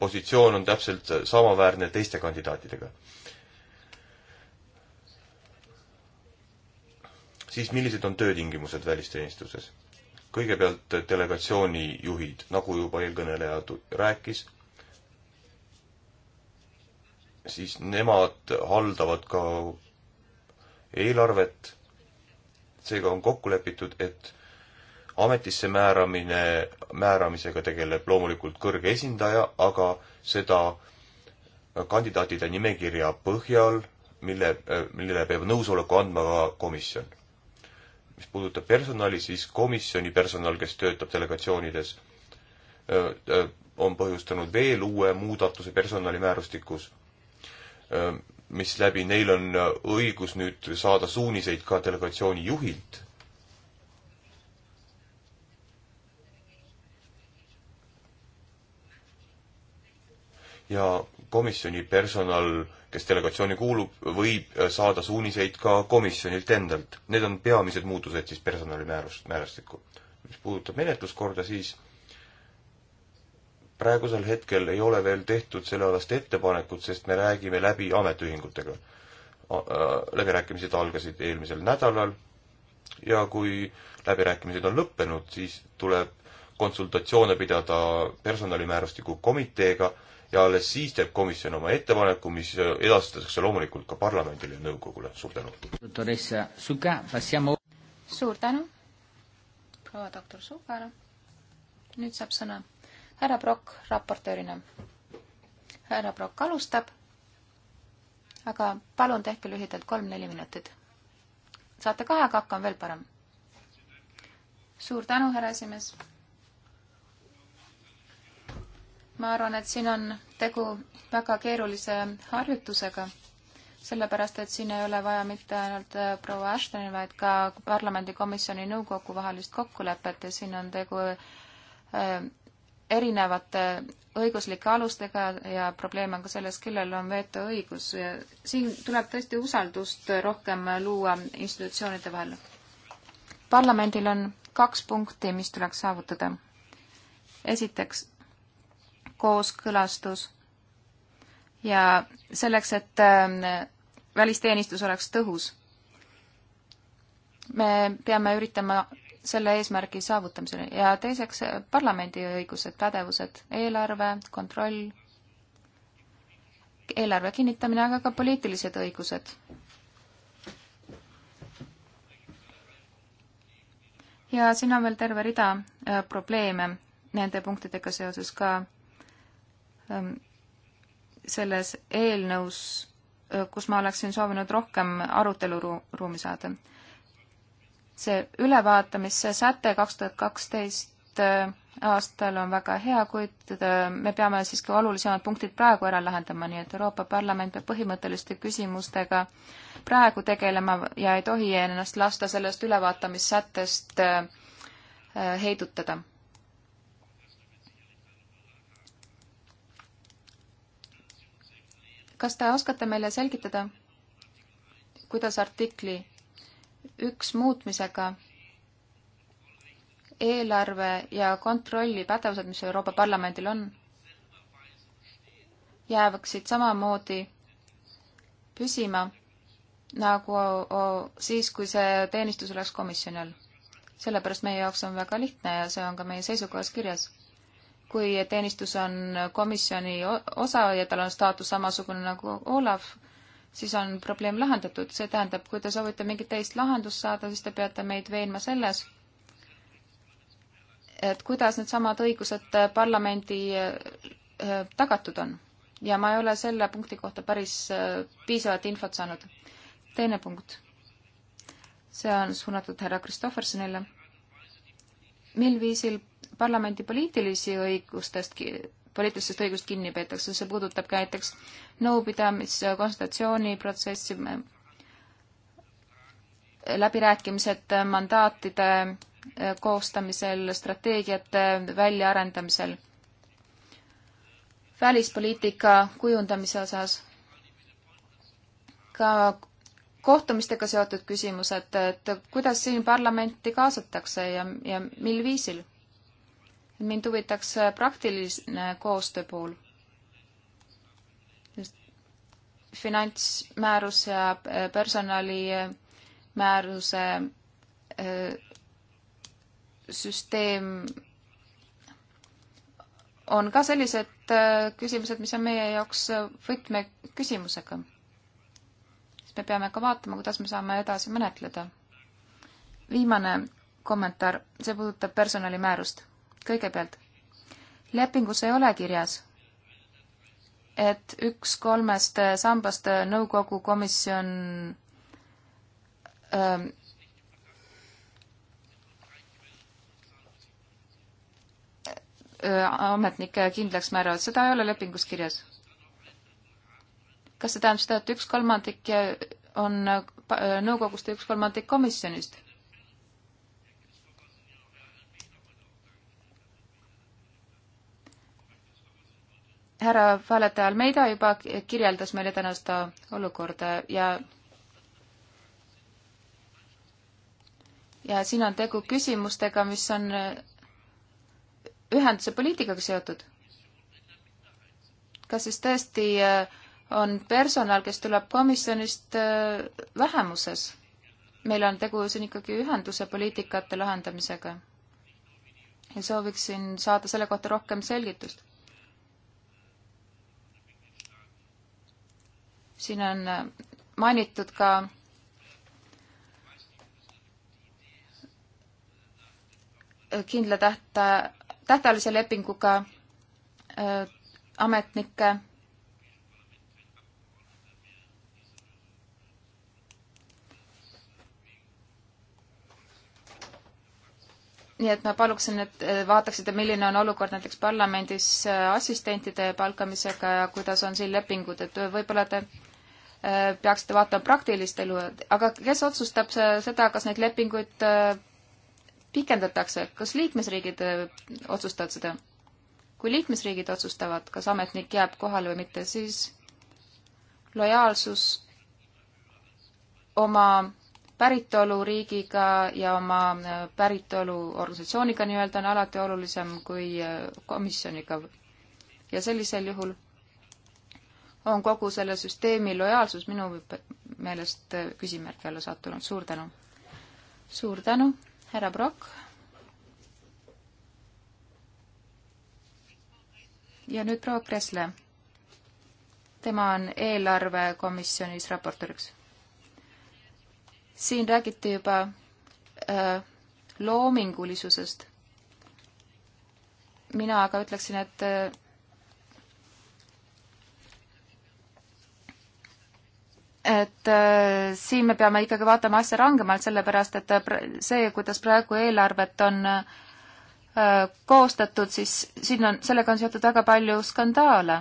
S4: positsioon on täpselt samaväärne teiste kandidaatidega siis millised on töötingimused välisteenistuses? kõigepealt delegatsiooni juhid, nagu juba eelkõneleja rääkis, siis nemad haldavad ka eelarvet, seega on kokku lepitud, et ametisse määramine, määramisega tegeleb loomulikult kõrge esindaja, aga seda kandidaatide nimekirja põhjal, mille, millele peab nõusoleku andma ka komisjon mis puudutab personali, siis komisjoni personal, kes töötab delegatsioonides, on põhjustanud veel uue muudatuse personalimäärustikus, mis läbi neil on õigus nüüd saada suuniseid ka delegatsiooni juhilt ja komisjoni personal kes delegatsiooni kuulub, võib äh, saada suuniseid ka komisjonilt endalt. Need on peamised muutused siis personalimäärus, määrustikku. mis puudutab menetluskorda, siis praegusel hetkel ei ole veel tehtud sellealast ettepanekut, sest me räägime läbi ametiühingutega. läbirääkimised algasid eelmisel nädalal ja kui läbirääkimised on lõppenud, siis tuleb konsultatsioone pidada personalimäärustiku komiteega ja alles siis teeb komisjon oma ettepaneku, mis edastatakse loomulikult ka parlamendile ja nõukogule. suur tänu!
S2: suur tänu, proua doktor Sugara. nüüd saab sõna härra Brock raportöörina. härra Brock alustab, aga palun tehke lühidalt kolm-neli minutit. saate kahega hakkama, veel parem. suur tänu, härra esimees ma arvan, et siin on tegu väga keerulise harjutusega, sellepärast et siin ei ole vaja mitte ainult äh, proua Ashtoni, vaid ka parlamendikomisjoni nõukogu vahelist kokkulepet ja siin on tegu äh, erinevate õiguslike alustega ja probleem on ka selles, kellel on vetoõigus ja siin tuleb tõesti usaldust rohkem luua institutsioonide vahel. parlamendil on kaks punkti, mis tuleks saavutada. esiteks, kooskõlastus ja selleks, et ähm, välisteenistus oleks tõhus, me peame üritama selle eesmärgi saavutamisele ja teiseks parlamendi õigused, pädevused, eelarve, kontroll, eelarve kinnitamine, aga ka poliitilised õigused. ja siin on veel terve rida äh, probleeme nende punktidega seoses ka Ehm, selles eelnõus, kus ma oleksin soovinud rohkem aruteluruumi saada. see ülevaatamise säte kaks tuhat kaksteist aastal on väga hea, kuid me peame siiski olulisemad punktid praegu ära lahendama, nii et Euroopa Parlament peab põhimõtteliste küsimustega praegu tegelema ja ei tohi ennast lasta sellest ülevaatamissättest heidutada kas te oskate meile selgitada, kuidas artikli üks muutmisega eelarve ja kontrolli pädevused, mis Euroopa Parlamendil on, jäävaksid samamoodi püsima nagu siis, kui see teenistus oleks komisjoni all. sellepärast meie jaoks on väga lihtne ja see on ka meie seisukohas kirjas kui teenistus on komisjoni osa ja tal on staatus samasugune nagu Olav, siis on probleem lahendatud. see tähendab, kui te soovite mingit teist lahendust saada, siis te peate meid veenma selles, et kuidas needsamad õigused parlamendi eh, tagatud on. ja ma ei ole selle punkti kohta päris eh, piisavat infot saanud. teine punkt. see on suunatud härra Kristoffersonile. mil viisil parlamendi poliitilisi õigustest, poliitilistest õigust kinni peetakse, see puudutab ka näiteks nõupidamis- ja konsultatsiooniprotsessi, läbirääkimised mandaatide e, koostamisel, strateegiate väljaarendamisel, välispoliitika kujundamise osas, ka kohtumistega seotud küsimused, et kuidas siin parlamenti kaasatakse ja, ja mil viisil? mind huvitaks äh, praktiline koostöö pool. finantsmäärus ja äh, personalimääruse äh, süsteem on ka sellised küsimused, mis on meie jaoks võtmeküsimusega. siis me peame ka vaatama, kuidas me saame edasi menetleda. viimane kommentaar, see puudutab personalimäärust kõigepealt, lepingus ei ole kirjas, et üks kolmest äh, sambast äh, nõukogu komisjon ähm, äh, ametnikke kindlaks määravad, seda ei ole lepingus kirjas. kas see tähendab seda, et üks kolmandik on nõukogust ja üks kolmandik komisjonist? härra Falete Almeida juba kirjeldas meile tänast olukorda ja ja siin on tegu küsimustega, mis on ühenduse poliitikaga seotud. kas siis tõesti äh, on personal, kes tuleb komisjonist äh, vähemuses? meil on tegu siin ikkagi ühenduse poliitikate lahendamisega. ja sooviksin saada selle kohta rohkem selgitust siin on äh, mainitud ka äh, kindla tähta, tähtajalise lepinguga äh, ametnikke. nii et ma paluksin, et äh, vaataksite, milline on olukord näiteks parlamendis assistentide palkamisega ja kuidas on siin lepingud, et võib-olla te äh, Äh, peaksite vaatama praktilist elu, aga kes otsustab seda, kas neid lepinguid äh, pikendatakse, kas liikmesriigid äh, otsustavad seda? kui liikmesriigid otsustavad, kas ametnik jääb kohale või mitte, siis lojaalsus oma päritoluriigiga ja oma päritoluorganisatsiooniga nii-öelda on alati olulisem kui komisjoniga. ja sellisel juhul on kogu selle süsteemi lojaalsus minu meelest küsimärgi alla sattunud. suur tänu! suur tänu, härra Brock! ja nüüd proua Kressle. tema on eelarvekomisjonis raportööriks. siin räägiti juba äh, loomingulisusest. mina aga ütleksin, et äh, et äh, siin me peame ikkagi vaatama asja rangemalt, sellepärast et äh, see, kuidas praegu eelarvet on äh, koostatud, siis siin on, sellega on seotud väga palju skandaale.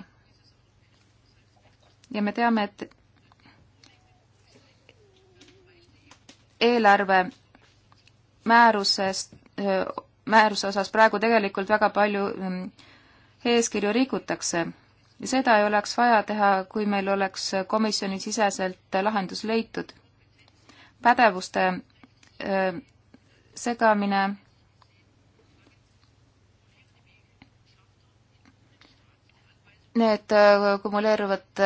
S2: ja me teame, et eelarve määrusest äh,, määruse osas praegu tegelikult väga palju mm, eeskirju rikutakse seda ei oleks vaja teha, kui meil oleks komisjonisiseselt lahendus leitud. pädevuste segamine need kumuleeruvad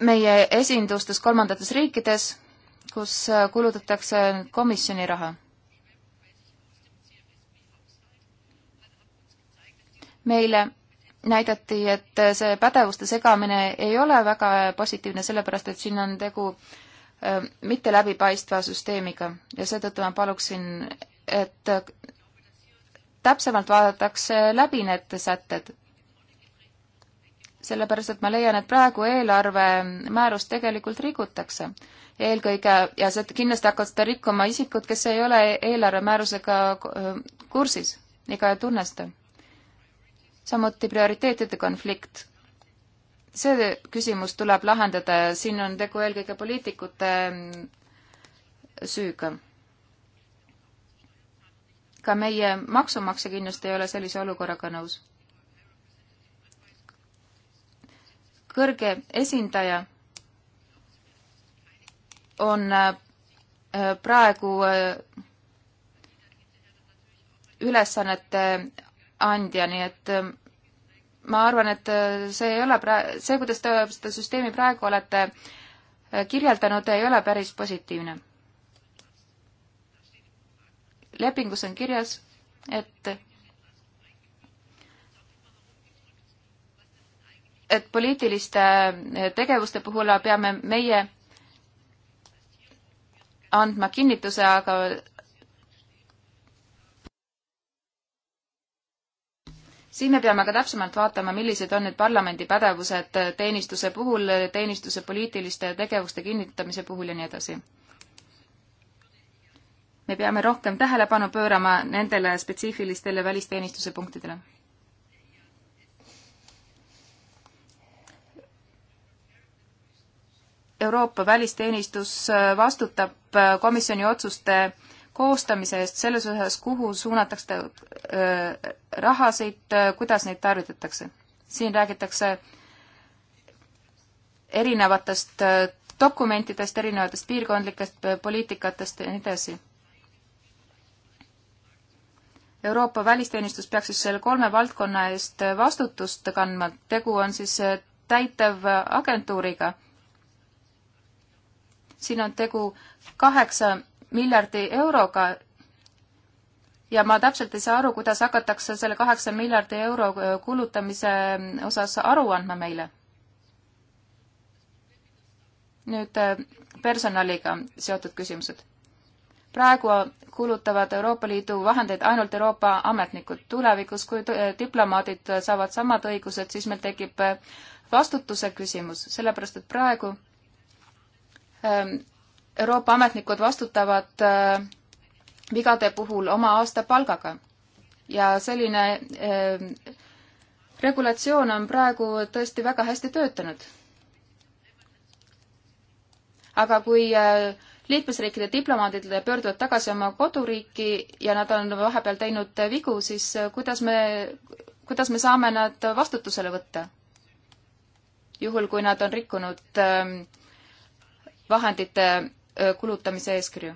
S2: meie esindustes kolmandates riikides, kus kulutatakse komisjoni raha meile näidati, et see pädevuste segamine ei ole väga positiivne, sellepärast et siin on tegu mitte läbipaistva süsteemiga ja seetõttu ma paluksin, et täpsemalt vaadatakse läbi need sätted. sellepärast, et ma leian, et praegu eelarvemäärust tegelikult rikutakse. eelkõige, ja see kindlasti hakkavad seda rikkuma isikud, kes ei ole eelarvemäärusega kursis ega tunne seda samuti prioriteetide konflikt. see küsimus tuleb lahendada ja siin on tegu eelkõige poliitikute mm, süüga. ka meie maksumaksja kindlasti ei ole sellise olukorraga nõus. kõrge esindaja on äh, praegu äh, ülesannete andja, nii et ähm, ma arvan, et äh, see ei ole pra-, see, kuidas te seda süsteemi praegu olete äh, kirjeldanud, ei ole päris positiivne. lepingus on kirjas, et et poliitiliste äh, tegevuste puhul peame meie andma kinnituse, aga siis me peame ka täpsemalt vaatama, millised on nüüd parlamendi pädevused teenistuse puhul, teenistuse poliitiliste tegevuste kinnitamise puhul ja nii edasi. me peame rohkem tähelepanu pöörama nendele spetsiifilistele välisteenistuse punktidele. Euroopa välisteenistus vastutab komisjoni otsuste koostamise eest selles osas, kuhu suunatakse äh, rahasid, äh, kuidas neid tarvitatakse. siin räägitakse erinevatest äh, dokumentidest, erinevatest piirkondlikest poliitikatest ja nii edasi. Euroopa välisteenistus peaks siis selle kolme valdkonna eest vastutust kandma, tegu on siis täitevagentuuriga. siin on tegu kaheksa miljardi euroga ja ma täpselt ei saa aru, kuidas hakatakse selle kaheksa miljardi euro kulutamise osas aru andma meile. nüüd äh, personaliga seotud küsimused. praegu kulutavad Euroopa Liidu vahendeid ainult Euroopa ametnikud. tulevikus, kui diplomaadid saavad samad õigused, siis meil tekib äh, vastutuse küsimus, sellepärast et praegu ähm, Euroopa ametnikud vastutavad äh, vigade puhul oma aastapalgaga ja selline äh, regulatsioon on praegu tõesti väga hästi töötanud. aga kui äh, liikmesriikide diplomaadid pöörduvad tagasi oma koduriiki ja nad on vahepeal teinud vigu, siis kuidas me, kuidas me saame nad vastutusele võtta? juhul, kui nad on rikkunud vahendite Äh, kulutamise eeskirju.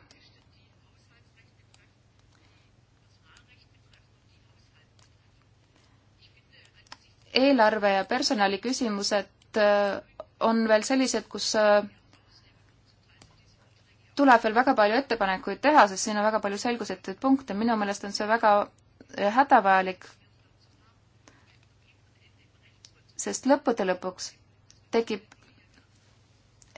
S2: eelarve ja personali küsimused äh, on veel sellised, kus äh, tuleb veel väga palju ettepanekuid teha, sest siin on väga palju selgusetuid punkte, minu meelest on see väga hädavajalik, sest lõppude lõpuks tekib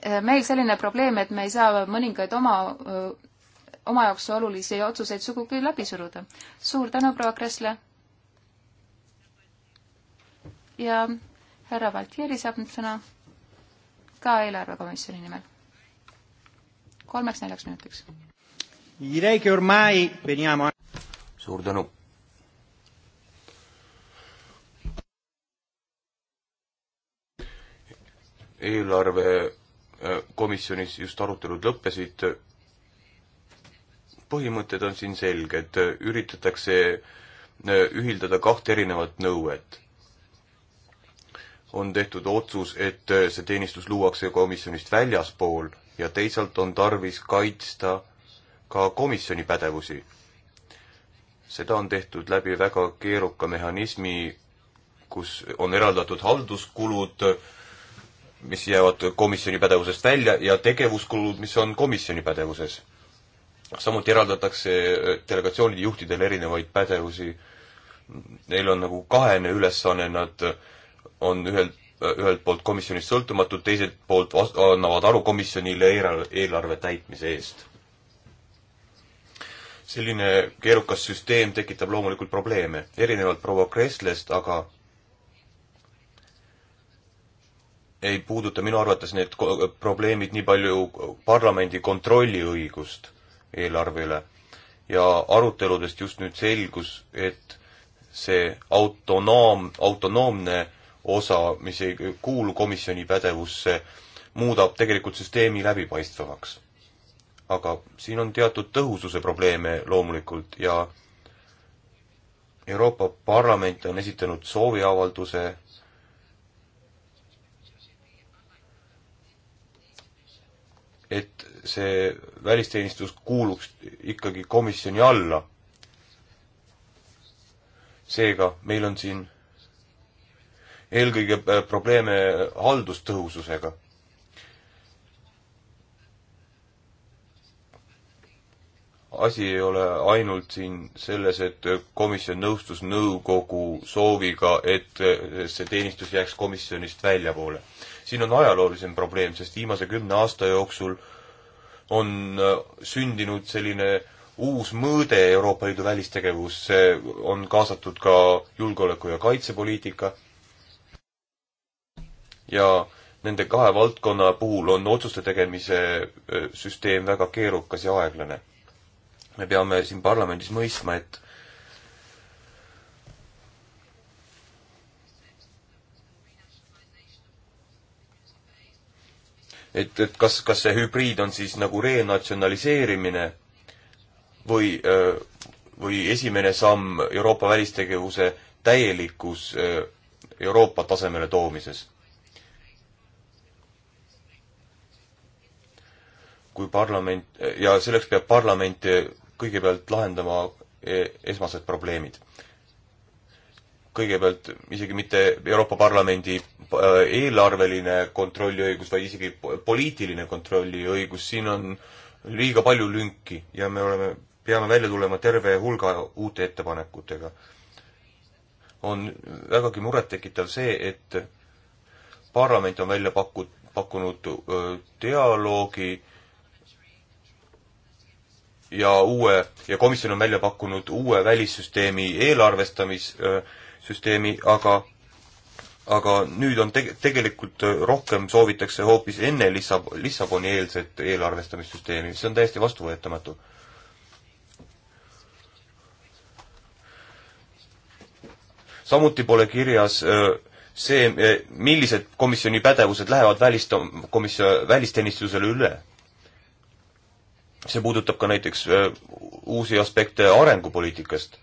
S2: Äh, meil selline probleem, et me ei saa mõningaid oma, äh, oma jaoks olulisi otsuseid sugugi läbi suruda. suur tänu, proua Kressle! ja härra Valtieri saab nüüd sõna ka eelarvekomisjoni nimel. kolmeks-neljaks minutiks.
S1: suur tänu!
S4: eelarve Äh, komisjonis just arutelud lõppesid. põhimõtted on siin selged, üritatakse äh, ühildada kahte erinevat nõuet. on tehtud otsus, et äh, see teenistus luuakse komisjonist väljaspool ja teisalt on tarvis kaitsta ka komisjoni pädevusi. seda on tehtud läbi väga keeruka mehhanismi, kus on eraldatud halduskulud, mis jäävad komisjoni pädevusest välja ja tegevuskulud, mis on komisjoni pädevuses. samuti eraldatakse äh, delegatsioonide juhtidele erinevaid pädevusi. Neil on nagu kahene ülesanne, nad on ühelt, äh, ühelt poolt komisjonist sõltumatud, teiselt poolt annavad aru komisjonile eelarve täitmise eest. selline keerukas süsteem tekitab loomulikult probleeme, erinevalt proua Kresslest, aga ei puuduta minu arvates need probleemid nii palju parlamendi kontrolliõigust eelarve üle. ja aruteludest just nüüd selgus, et see autonoom, autonoomne osa, mis ei kuulu komisjoni pädevusse, muudab tegelikult süsteemi läbipaistvamaks. aga siin on teatud tõhususe probleeme loomulikult ja Euroopa Parlament on esitanud sooviavalduse et see välisteenistus kuuluks ikkagi komisjoni alla. seega meil on siin eelkõige äh, probleeme haldustõhususega. asi ei ole ainult siin selles, et komisjon nõustus nõukogu sooviga, et äh, see teenistus jääks komisjonist väljapoole siin on ajaloolisem probleem, sest viimase kümne aasta jooksul on äh, sündinud selline uus mõõde Euroopa Liidu välistegevusse, on kaasatud ka julgeoleku- ja kaitsepoliitika ja nende kahe valdkonna puhul on otsuste tegemise äh, süsteem väga keerukas ja aeglane. me peame siin parlamendis mõistma, et et, et kas, kas see hübriid on siis nagu renatsionaliseerimine või, või esimene samm Euroopa välistegevuse täielikus Euroopa tasemele toomises? kui parlament, ja selleks peab parlament kõigepealt lahendama e, esmased probleemid kõigepealt isegi mitte Euroopa Parlamendi äh, eelarveline kontrolliõigus, vaid isegi poliitiline kontrolliõigus, siin on liiga palju lünki ja me oleme, peame välja tulema terve hulga uute ettepanekutega. on vägagi murettekitav see, et parlament on välja paku-, pakkunud dialoogi ja uue, ja komisjon on välja pakkunud uue välissüsteemi eelarvestamis öö, süsteemi, aga aga nüüd on teg-, tegelikult rohkem soovitakse hoopis enne Lissab-, Lissaboni eelset eelarvestamissüsteemi, see on täiesti vastuvõetamatu. samuti pole kirjas öö, see, millised komisjoni pädevused lähevad välist-, komisjon, välisteenistusele üle. see puudutab ka näiteks öö, uusi aspekte arengupoliitikast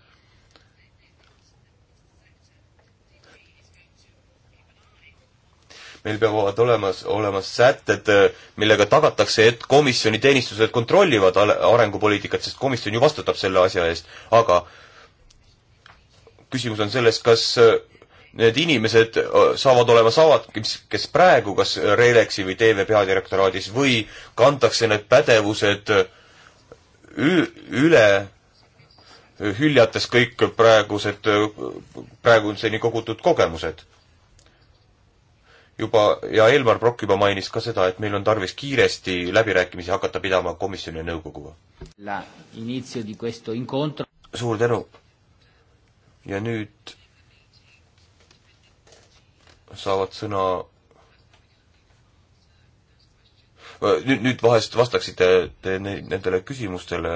S4: meil peavad olemas, olemas sätted, äh, millega tagatakse, et komisjoni teenistused kontrollivad arengupoliitikat, sest komisjon ju vastutab selle asja eest, aga küsimus on selles, kas äh, need inimesed äh, saavad olema samad, mis, kes praegu, kas Relexi või TV peadirektoraadis või kantakse need pädevused üle, hüljates kõik praegused, praeguseni kogutud kogemused juba ja Elmar Brokk juba mainis ka seda, et meil on tarvis kiiresti läbirääkimisi hakata pidama komisjoni ja nõukoguga.
S1: suur tänu. ja nüüd
S4: saavad sõna nüüd, nüüd vahest vastaksite te nendele küsimustele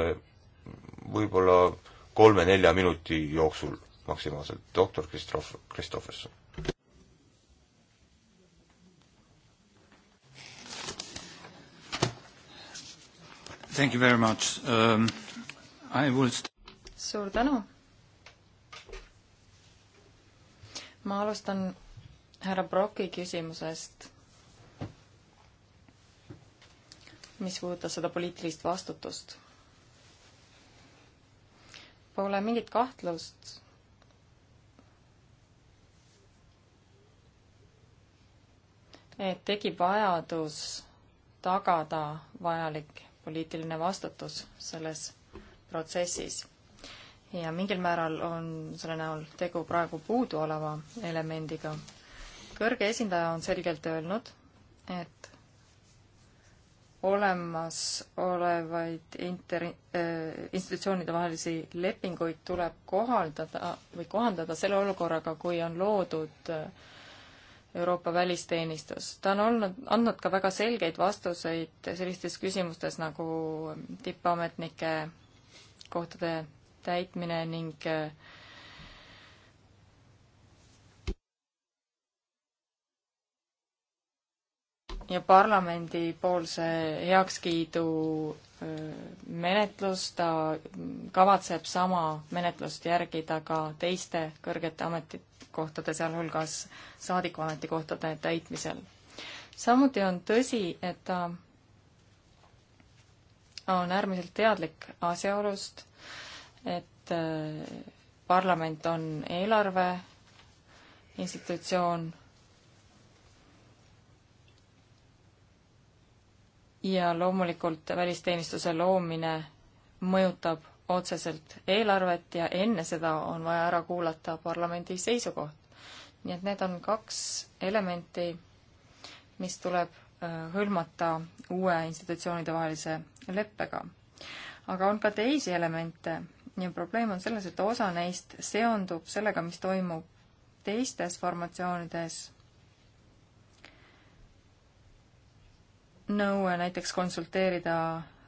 S4: võib-olla kolme-nelja minuti jooksul maksimaalselt, doktor Kristof-, Kristofferson Thank you very much um,. I will
S3: suur tänu. ma alustan härra Broki küsimusest, mis puudutas seda poliitilist vastutust. Pole mingit kahtlust, et tekib vajadus tagada vajalik poliitiline vastutus selles protsessis. ja mingil määral on selle näol tegu praegu puuduoleva elemendiga. kõrge esindaja on selgelt öelnud, et olemasolevaid inter-, äh, institutsioonide vahelisi lepinguid tuleb kohaldada või kohandada selle olukorraga, kui on loodud äh, Euroopa välisteenistus. ta on olnud, andnud ka väga selgeid vastuseid sellistes küsimustes nagu tippametnike kohtade täitmine ning äh, ja parlamendipoolse heakskiidu äh, menetlus, ta kavatseb sama menetlust järgida ka teiste kõrgete ametit, ametikohtade, sealhulgas saadikuametikohtade täitmisel. samuti on tõsi, et ta on äärmiselt teadlik asjaolust, et äh, parlament on eelarve institutsioon ja loomulikult välisteenistuse loomine mõjutab otseselt eelarvet ja enne seda on vaja ära kuulata parlamendi seisukoht. nii et need on kaks elementi, mis tuleb äh, hõlmata uue institutsioonide vahelise leppega. aga on ka teisi elemente ja probleem on selles, et osa neist seondub sellega, mis toimub teistes formatsioonides. nõue näiteks konsulteerida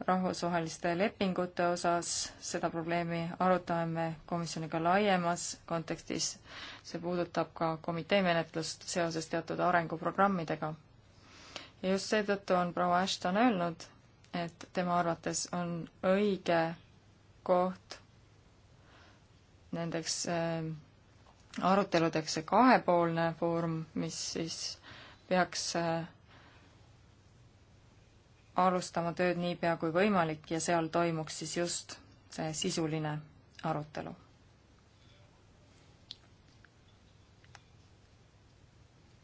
S3: rahvusvaheliste lepingute osas, seda probleemi arutame me komisjoniga laiemas kontekstis. see puudutab ka komitee menetlust seoses teatud arenguprogrammidega. ja just seetõttu on proua Ashton öelnud, et tema arvates on õige koht nendeks äh, aruteludeks see kahepoolne foorum, mis siis peaks äh, alustama tööd niipea kui võimalik ja seal toimuks siis just see sisuline arutelu.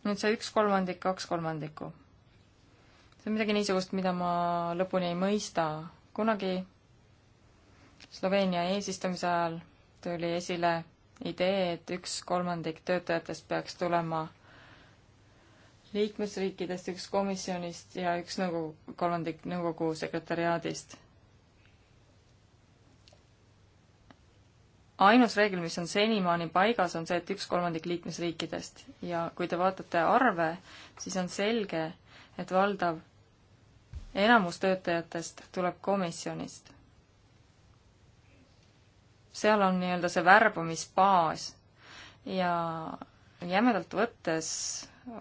S3: nüüd see üks kolmandik, kaks kolmandikku. see on midagi niisugust, mida ma lõpuni ei mõista. kunagi Sloveenia eesistumise ajal tuli esile idee, et üks kolmandik töötajatest peaks tulema liikmesriikidest, üks komisjonist ja üks nõukogu, kolmandik nõukogu sekretäriaadist. ainus reegel, mis on senimaani paigas, on see, et üks kolmandik liikmesriikidest ja kui te vaatate arve, siis on selge, et valdav enamus töötajatest tuleb komisjonist. seal on nii-öelda see värbamisbaas ja jämedalt võttes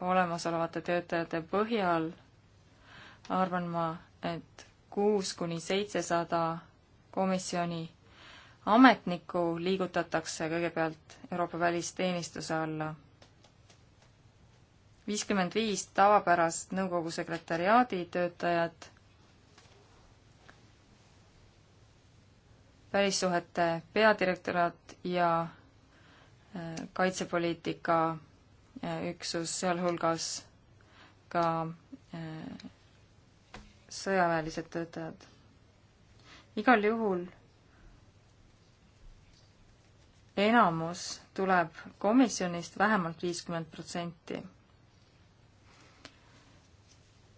S3: olemasolevate töötajate põhjal arvan ma, et kuus kuni seitsesada komisjoni ametnikku liigutatakse kõigepealt Euroopa välisteenistuse alla. viiskümmend viis tavapärast nõukogu sekretäriaadi töötajat, välissuhete peadirektoraat ja äh, kaitsepoliitika üksus, sealhulgas ka äh, sõjaväelised töötajad. igal juhul enamus tuleb komisjonist vähemalt viiskümmend protsenti.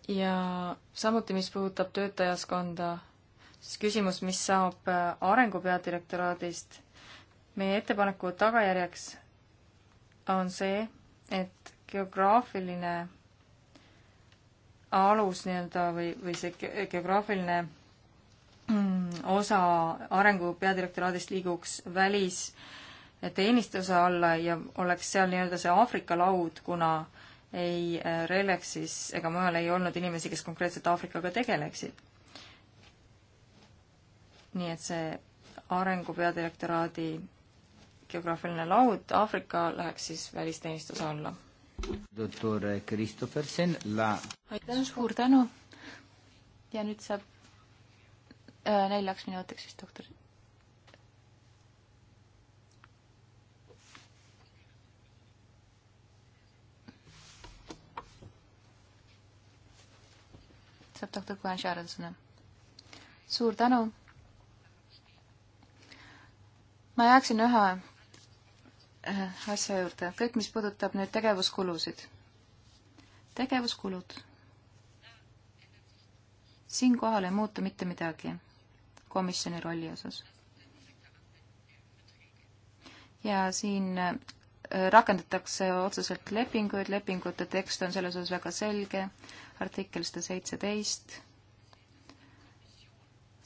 S3: ja samuti, mis puudutab töötajaskonda, siis küsimus, mis saab äh, Arengu peadirektoraadist, meie ettepaneku tagajärjeks on see, et geograafiline alus nii-öelda või, või see geograafiline mm, osa arengu peadirektoraadist liiguks välisteenistuse alla ja oleks seal nii-öelda see Aafrika laud, kuna ei äh, Relexis ega mujal ei olnud inimesi, kes konkreetselt Aafrikaga tegeleksid. nii et see arengu peadirektoraadi geograafiline laud, Aafrika läheks siis välisteenistuse alla.
S1: doktor Kristoffersen, la.
S3: aitäh,
S2: suur tänu. ja nüüd saab äh, neljaks minutiks siis doktor. saab doktor Kuhan Šaran sõna. suur tänu ma jääksin ühe Äh, asja juurde, kõik, mis puudutab nüüd tegevuskulusid. tegevuskulud. siinkohal ei muutu mitte midagi komisjoni rolli osas. ja siin äh, rakendatakse otseselt lepinguid, lepingute tekst on selles osas väga selge, artikkel sada seitseteist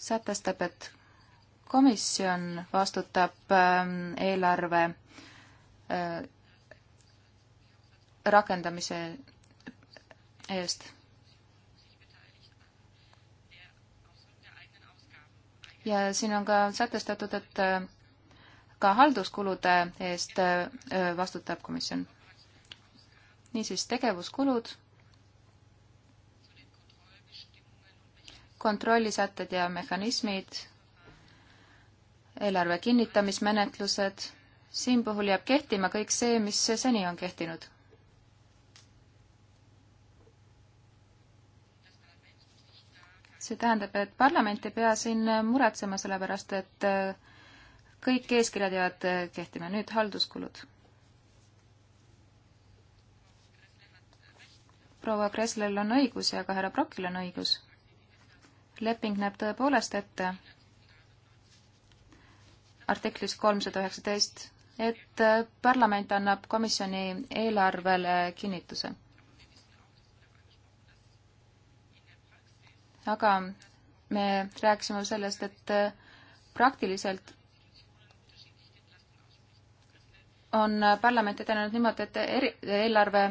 S2: sätestab, et komisjon vastutab ähm, eelarve Äh, rakendamise eest. ja siin on ka sätestatud, et äh, ka halduskulude eest äh, vastutab komisjon. niisiis, tegevuskulud, kontrollisätted ja mehhanismid, eelarve kinnitamismenetlused siin puhul jääb kehtima kõik see, mis seni on kehtinud. see tähendab, et parlament ei pea siin muretsema, sellepärast et kõik eeskirjad jäävad kehtima, nüüd halduskulud. proua Kreslel on õigus ja ka härra Brokil on õigus. leping näeb tõepoolest ette artiklis kolmsada üheksateist et parlament annab komisjoni eelarvele kinnituse. aga me rääkisime sellest, et praktiliselt on parlament edenenud niimoodi, et eri, eelarve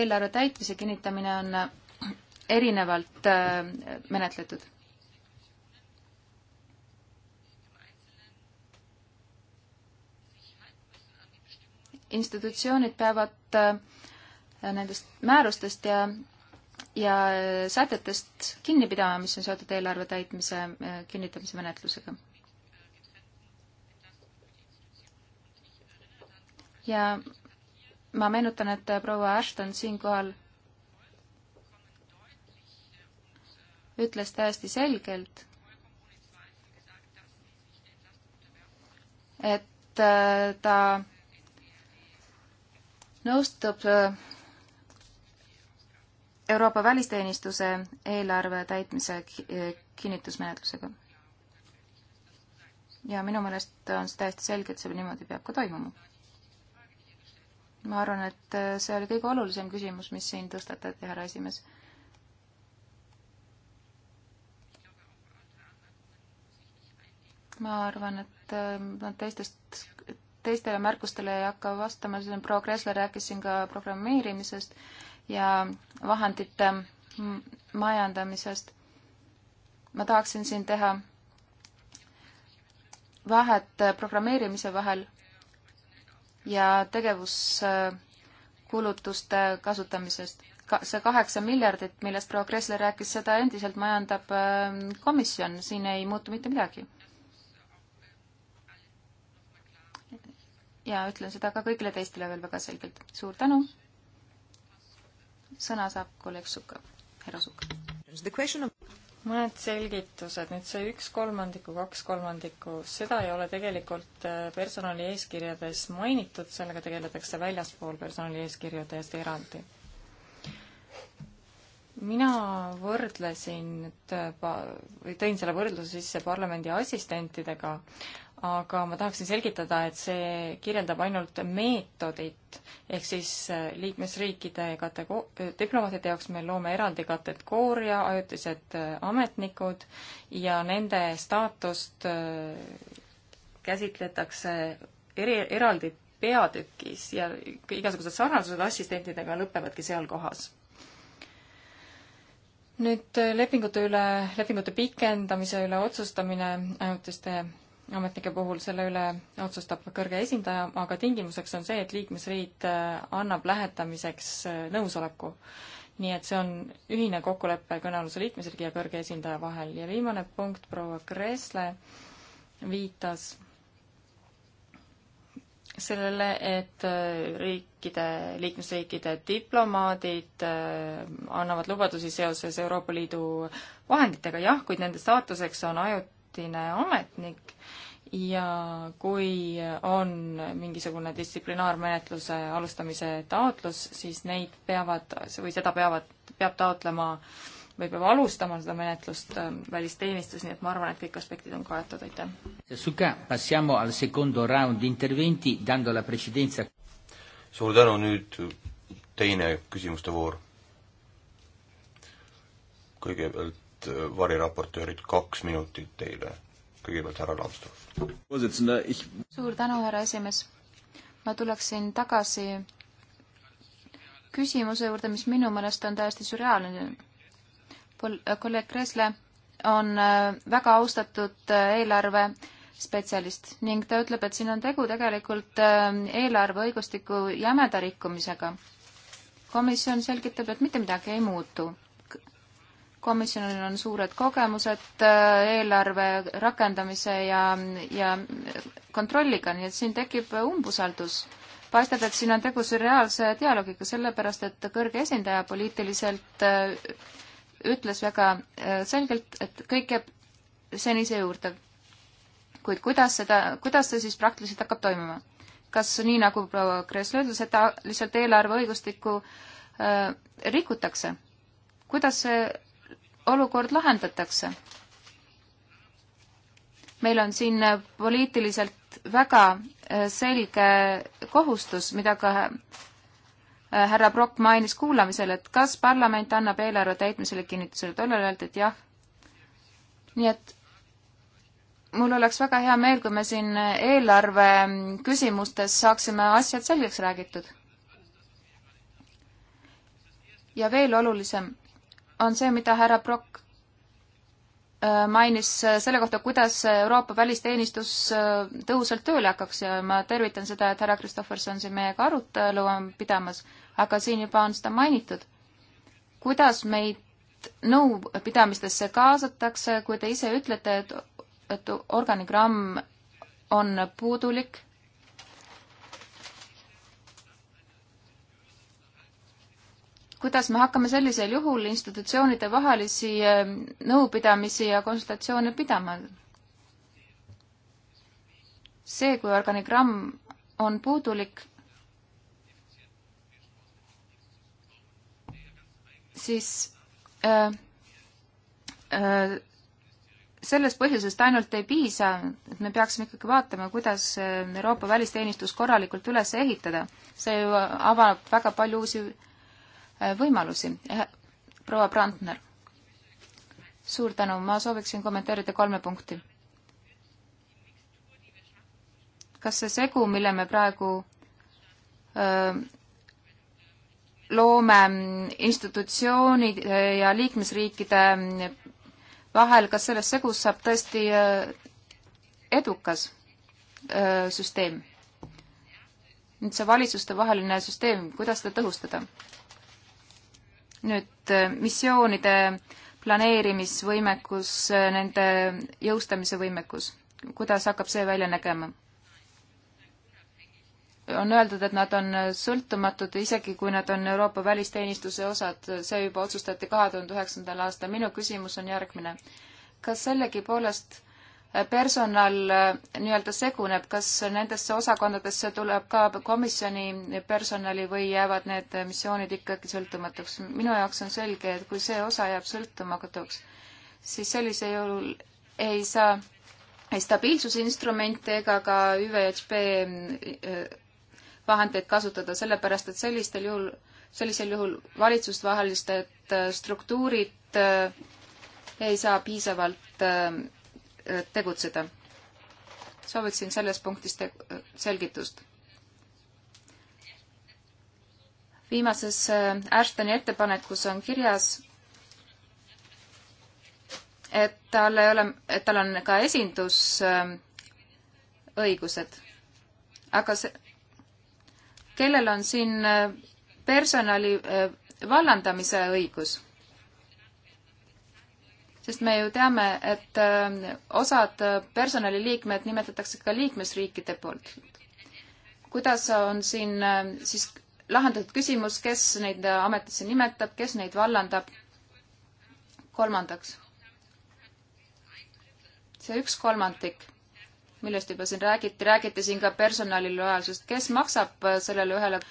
S2: eelarve täitmise kinnitamine on erinevalt äh, menetletud institutsioonid peavad äh, nendest määrustest ja, ja äh, sätetest kinni pidama, mis on seotud eelarve täitmise äh, kinnitamise menetlusega. ja ma meenutan, et proua Ashton siinkohal ütles täiesti selgelt, et ta nõustub äh, Euroopa välisteenistuse eelarve täitmise kinnitusmenetlusega. ja minu meelest on see täiesti selge, et see niimoodi peab ka toimuma. ma arvan, et äh, see oli kõige olulisem küsimus, mis siin tõstatati, härra esimees. ma arvan, et äh, teistest teistele märkustele ei hakka vastama, siin proua Kresler rääkis siin ka programmeerimisest ja vahendite majandamisest. ma tahaksin siin teha vahet programmeerimise vahel ja tegevuskulutuste kasutamisest. ka see kaheksa miljardit, millest proua Kresler rääkis, seda endiselt majandab ähm, komisjon, siin ei muutu mitte midagi ja ütlen seda ka kõigile teistele veel väga selgelt. suur
S3: tänu. sõna saab kolleeg Suka, härra Suka. mõned selgitused, nüüd see üks kolmandiku, kaks kolmandikku, seda ei ole tegelikult äh, personali eeskirjades mainitud, sellega tegeletakse väljaspool personali eeskirju täiesti eraldi mina võrdlesin, äh, tõin selle võrdluse sisse parlamendi assistentidega, aga ma tahaksin selgitada, et see kirjeldab ainult meetodit, ehk siis äh, liikmesriikide katego-, äh, diplomaatide jaoks me loome eraldi kategooria, ajutised äh, ametnikud ja nende staatust käsitletakse eri, eraldi peatükis ja igasugused sarnasused assistentidega lõpevadki seal kohas nüüd lepingute üle, lepingute pikendamise üle otsustamine ajutiste ametnike puhul selle üle otsustab kõrge esindaja, aga tingimuseks on see, et liikmesriik äh, annab lähetamiseks äh, nõusoleku. nii et see on ühine kokkulepe kõnealuse liikmesriigi ja kõrge esindaja vahel ja viimane punkt, proua Kresle viitas sellele, et äh, riikide, liikmesriikide diplomaadid annavad lubadusi seoses Euroopa Liidu vahenditega, jah, kuid nende staatuseks on ajutine ametnik ja kui on mingisugune distsiplinaarmenetluse alustamise taotlus, siis neid peavad või seda peavad, peab taotlema või peab alustama seda menetlust ähm, välisteenistus, nii et ma arvan, et kõik aspektid on kaetud, aitäh.
S4: suur tänu, nüüd teine küsimuste voor. kõigepealt äh, variraportöörid, kaks minutit teile kõigepealt härra Laanstorf.
S2: suur tänu, härra esimees. ma tuleksin tagasi küsimuse juurde, mis minu meelest on täiesti sürreaalne. Äh, kolleeg Kresle on äh, väga austatud äh, eelarve spetsialist ning ta ütleb, et siin on tegu tegelikult eelarve õigustiku jämeda rikkumisega. komisjon selgitab, et mitte midagi ei muutu komisjonil on suured kogemused äh, eelarve rakendamise ja, ja kontrolliga, nii et siin tekib umbusaldus. paistab, et siin on tegu sürreaalse dialoogiga, sellepärast et kõrge esindaja poliitiliselt äh, ütles väga äh, selgelt, et kõik jääb senise juurde. kuid kuidas seda, kuidas see siis praktiliselt hakkab toimuma? kas nii, nagu proua Kressler ütles, et ta lihtsalt eelarve õigustikku äh, rikutakse? kuidas see olukord lahendatakse. meil on siin poliitiliselt väga äh, selge kohustus, mida ka äh, härra Brock mainis kuulamisel, et kas parlament annab eelarve täitmisele kinnitusele, tollal öeldi, et jah. nii et mul oleks väga hea meel, kui me siin eelarve küsimustes saaksime asjad selgeks räägitud. ja veel olulisem, on see, mida härra Brock äh, mainis äh, selle kohta, kuidas Euroopa välisteenistus äh, tõhusalt tööle hakkaks ja ma tervitan seda, et härra Kristofferson siin meiega arutelu on pidamas, aga siin juba on seda mainitud. kuidas meid nõupidamistesse kaasatakse, kui te ise ütlete, et, et organigramm on puudulik kuidas me hakkame sellisel juhul institutsioonide vahelisi ähm, nõupidamisi ja konsultatsioone pidama? see, kui organigramm on puudulik, siis äh, äh, sellest põhjusest ainult ei piisa, et me peaksime ikkagi vaatama, kuidas äh, Euroopa välisteenistus korralikult üles ehitada. see ju avab väga palju uusi Äh, võimalusi. Äh, proua Brandner, suur tänu, ma sooviksin kommenteerida kolme punkti. kas see segu, mille me praegu öö, äh, loome institutsioonide ja liikmesriikide vahel, kas sellest segust saab tõesti edukas öö, süsteem? nüüd see valitsustevaheline süsteem, kuidas seda tõhustada? nüüd äh, missioonide planeerimisvõimekus, äh, nende jõustamise võimekus, kuidas hakkab see välja nägema? on öeldud, et nad on äh, sõltumatud, isegi kui nad on Euroopa välisteenistuse osad, see juba otsustati kahe tuhande üheksandal aastal. minu küsimus on järgmine. kas sellegipoolest personal äh, nii-öelda seguneb, kas nendesse osakondadesse tuleb ka komisjoni personali või jäävad need missioonid ikkagi sõltumatuks? minu jaoks on selge, et kui see osa jääb sõltumatuks, siis sellisel juhul ei saa ei stabiilsusinstrumente ega ka ÜVHP äh, vahendeid kasutada, sellepärast et sellistel juhul, sellisel juhul valitsustevahelised äh, struktuurid ei saa piisavalt tegutseda. sooviksin selles punktis selgitust. viimases äh, Ashtoni ettepanekus on kirjas, et tal ei ole, et tal on ka esindusõigused, aga see, kellel on siin äh, personali äh, vallandamise õigus sest me ju teame, et äh, osad äh, personaliliikmed nimetatakse ka liikmesriikide poolt. kuidas on siin äh, siis lahendatud küsimus, kes neid ametisse nimetab, kes neid vallandab? kolmandaks, see üks kolmandik millest juba siin räägiti, räägiti siin ka personali lojaalsust, kes maksab sellele ühele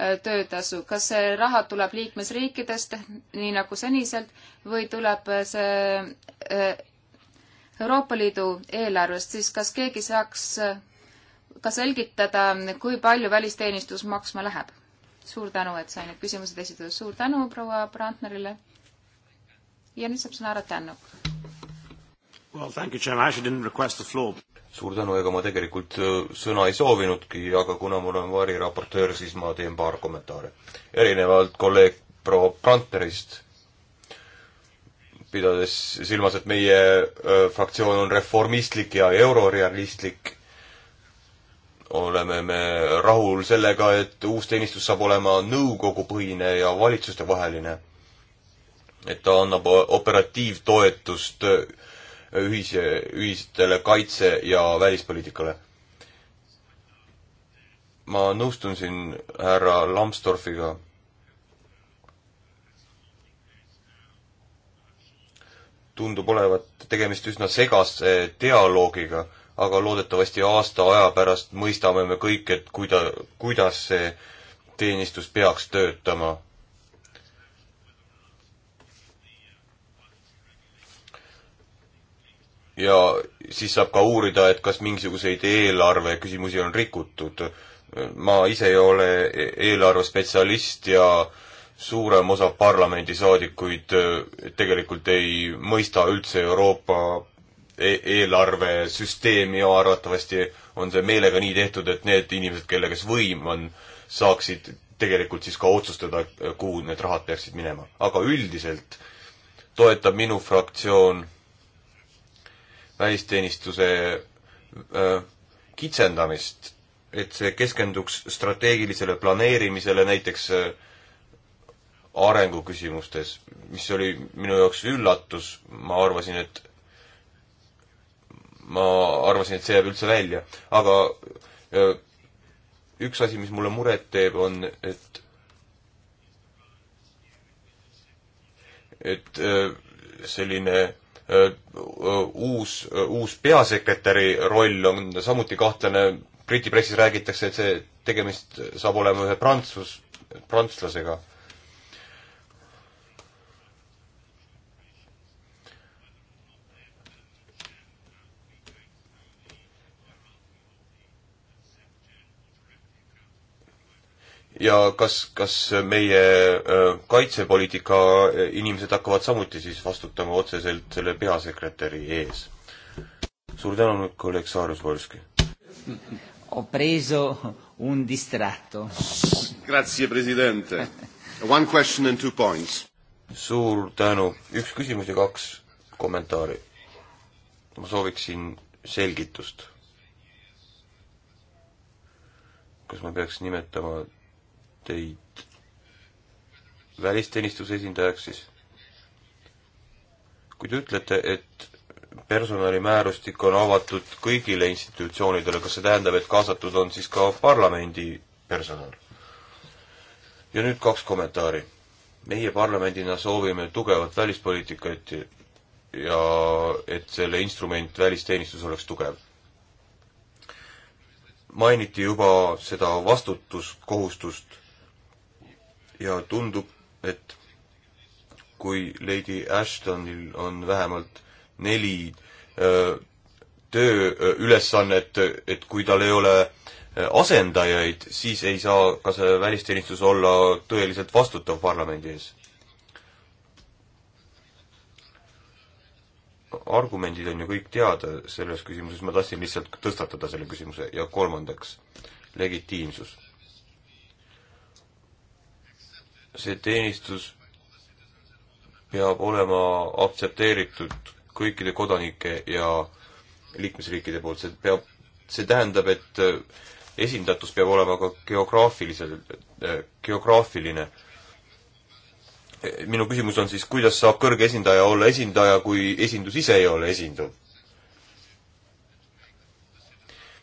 S2: Äh, töötasu, kas see raha tuleb liikmesriikidest, nii nagu seniselt, või tuleb äh, see äh, Euroopa Liidu eelarvest, siis kas keegi saaks ka selgitada, kui palju välisteenistus maksma läheb? suur tänu, et sai need küsimused esitatud, suur tänu proua Brandnerile. ja nüüd saab sõna härra Tännuk
S4: Well, thank you, Chairman. I actually didn't request the floor. suur tänu, ega ma tegelikult äh, sõna ei soovinudki, aga kuna mul on variraportöör, siis ma teen paar kommentaari. erinevalt kolleeg proua Brandnerist, pidades silmas, et meie öö, äh, fraktsioon on reformistlik ja eurorealistlik, oleme me rahul sellega, et uus teenistus saab olema nõukogupõhine ja valitsustevaheline. et ta annab operatiivtoetust öö, äh, ühise, ühistele kaitse- ja välispoliitikale. ma nõustun siin härra Lambsdorfiga. tundub olevat tegemist üsna segase dialoogiga, aga loodetavasti aasta aja pärast mõistame me kõik, et kuida-, kuidas see teenistus peaks töötama ja siis saab ka uurida, et kas mingisuguseid eelarve küsimusi on rikutud. ma ise ei ole e-, eelarvespetsialist ja suurem osa parlamendisaadikuid e, tegelikult ei mõista üldse Euroopa e eelarvesüsteemi ja arvatavasti on see meelega nii tehtud, et need inimesed, kelle käes võim on, saaksid tegelikult siis ka otsustada, kuhu need rahad peaksid minema. aga üldiselt toetab minu fraktsioon välisteenistuse äh, kitsendamist, et see keskenduks strateegilisele planeerimisele näiteks äh, arenguküsimustes, mis oli minu jaoks üllatus, ma arvasin, et ma arvasin, et see jääb üldse välja, aga äh, üks asi, mis mulle muret teeb, on, et et selline uus, uus peasekretäri roll on samuti kahtlane, Briti pressis räägitakse, et see tegemist saab olema ühe prantsus, prantslasega. ja kas, kas meie äh, kaitsepoliitika äh, inimesed hakkavad samuti siis vastutama otseselt selle peasekretäri ees? suur tänu nüüd, kolleeg Saarjus Volski.
S1: Ho preso un distratto.
S4: Grazie, presidente. One question and two points. suur tänu, üks küsimus ja kaks kommentaari. ma sooviksin selgitust. kas ma peaks nimetama teid välisteenistuse esindajaks siis? kui te ütlete, et personalimäärustik on avatud kõigile institutsioonidele, kas see tähendab, et kaasatud on siis ka parlamendi personal? ja nüüd kaks kommentaari. meie parlamendina soovime tugevat välispoliitikat ja et selle instrument välisteenistus oleks tugev. mainiti juba seda vastutuskohustust ja tundub, et kui Lady Ashtonil on vähemalt neli öö, äh, tööülesannet, et kui tal ei ole äh, asendajaid, siis ei saa ka see välisteenistus olla tõeliselt vastutav parlamendi ees. argumendid on ju kõik teada selles küsimuses, ma tahtsin lihtsalt tõstatada selle küsimuse ja kolmandaks, legitiimsus see teenistus peab olema aktsepteeritud kõikide kodanike ja liikmesriikide poolt, see peab, see tähendab, et äh, esindatus peab olema ka geograafiliselt, äh, geograafiline. minu küsimus on siis, kuidas saab kõrge esindaja olla esindaja, kui esindus ise ei ole esindav?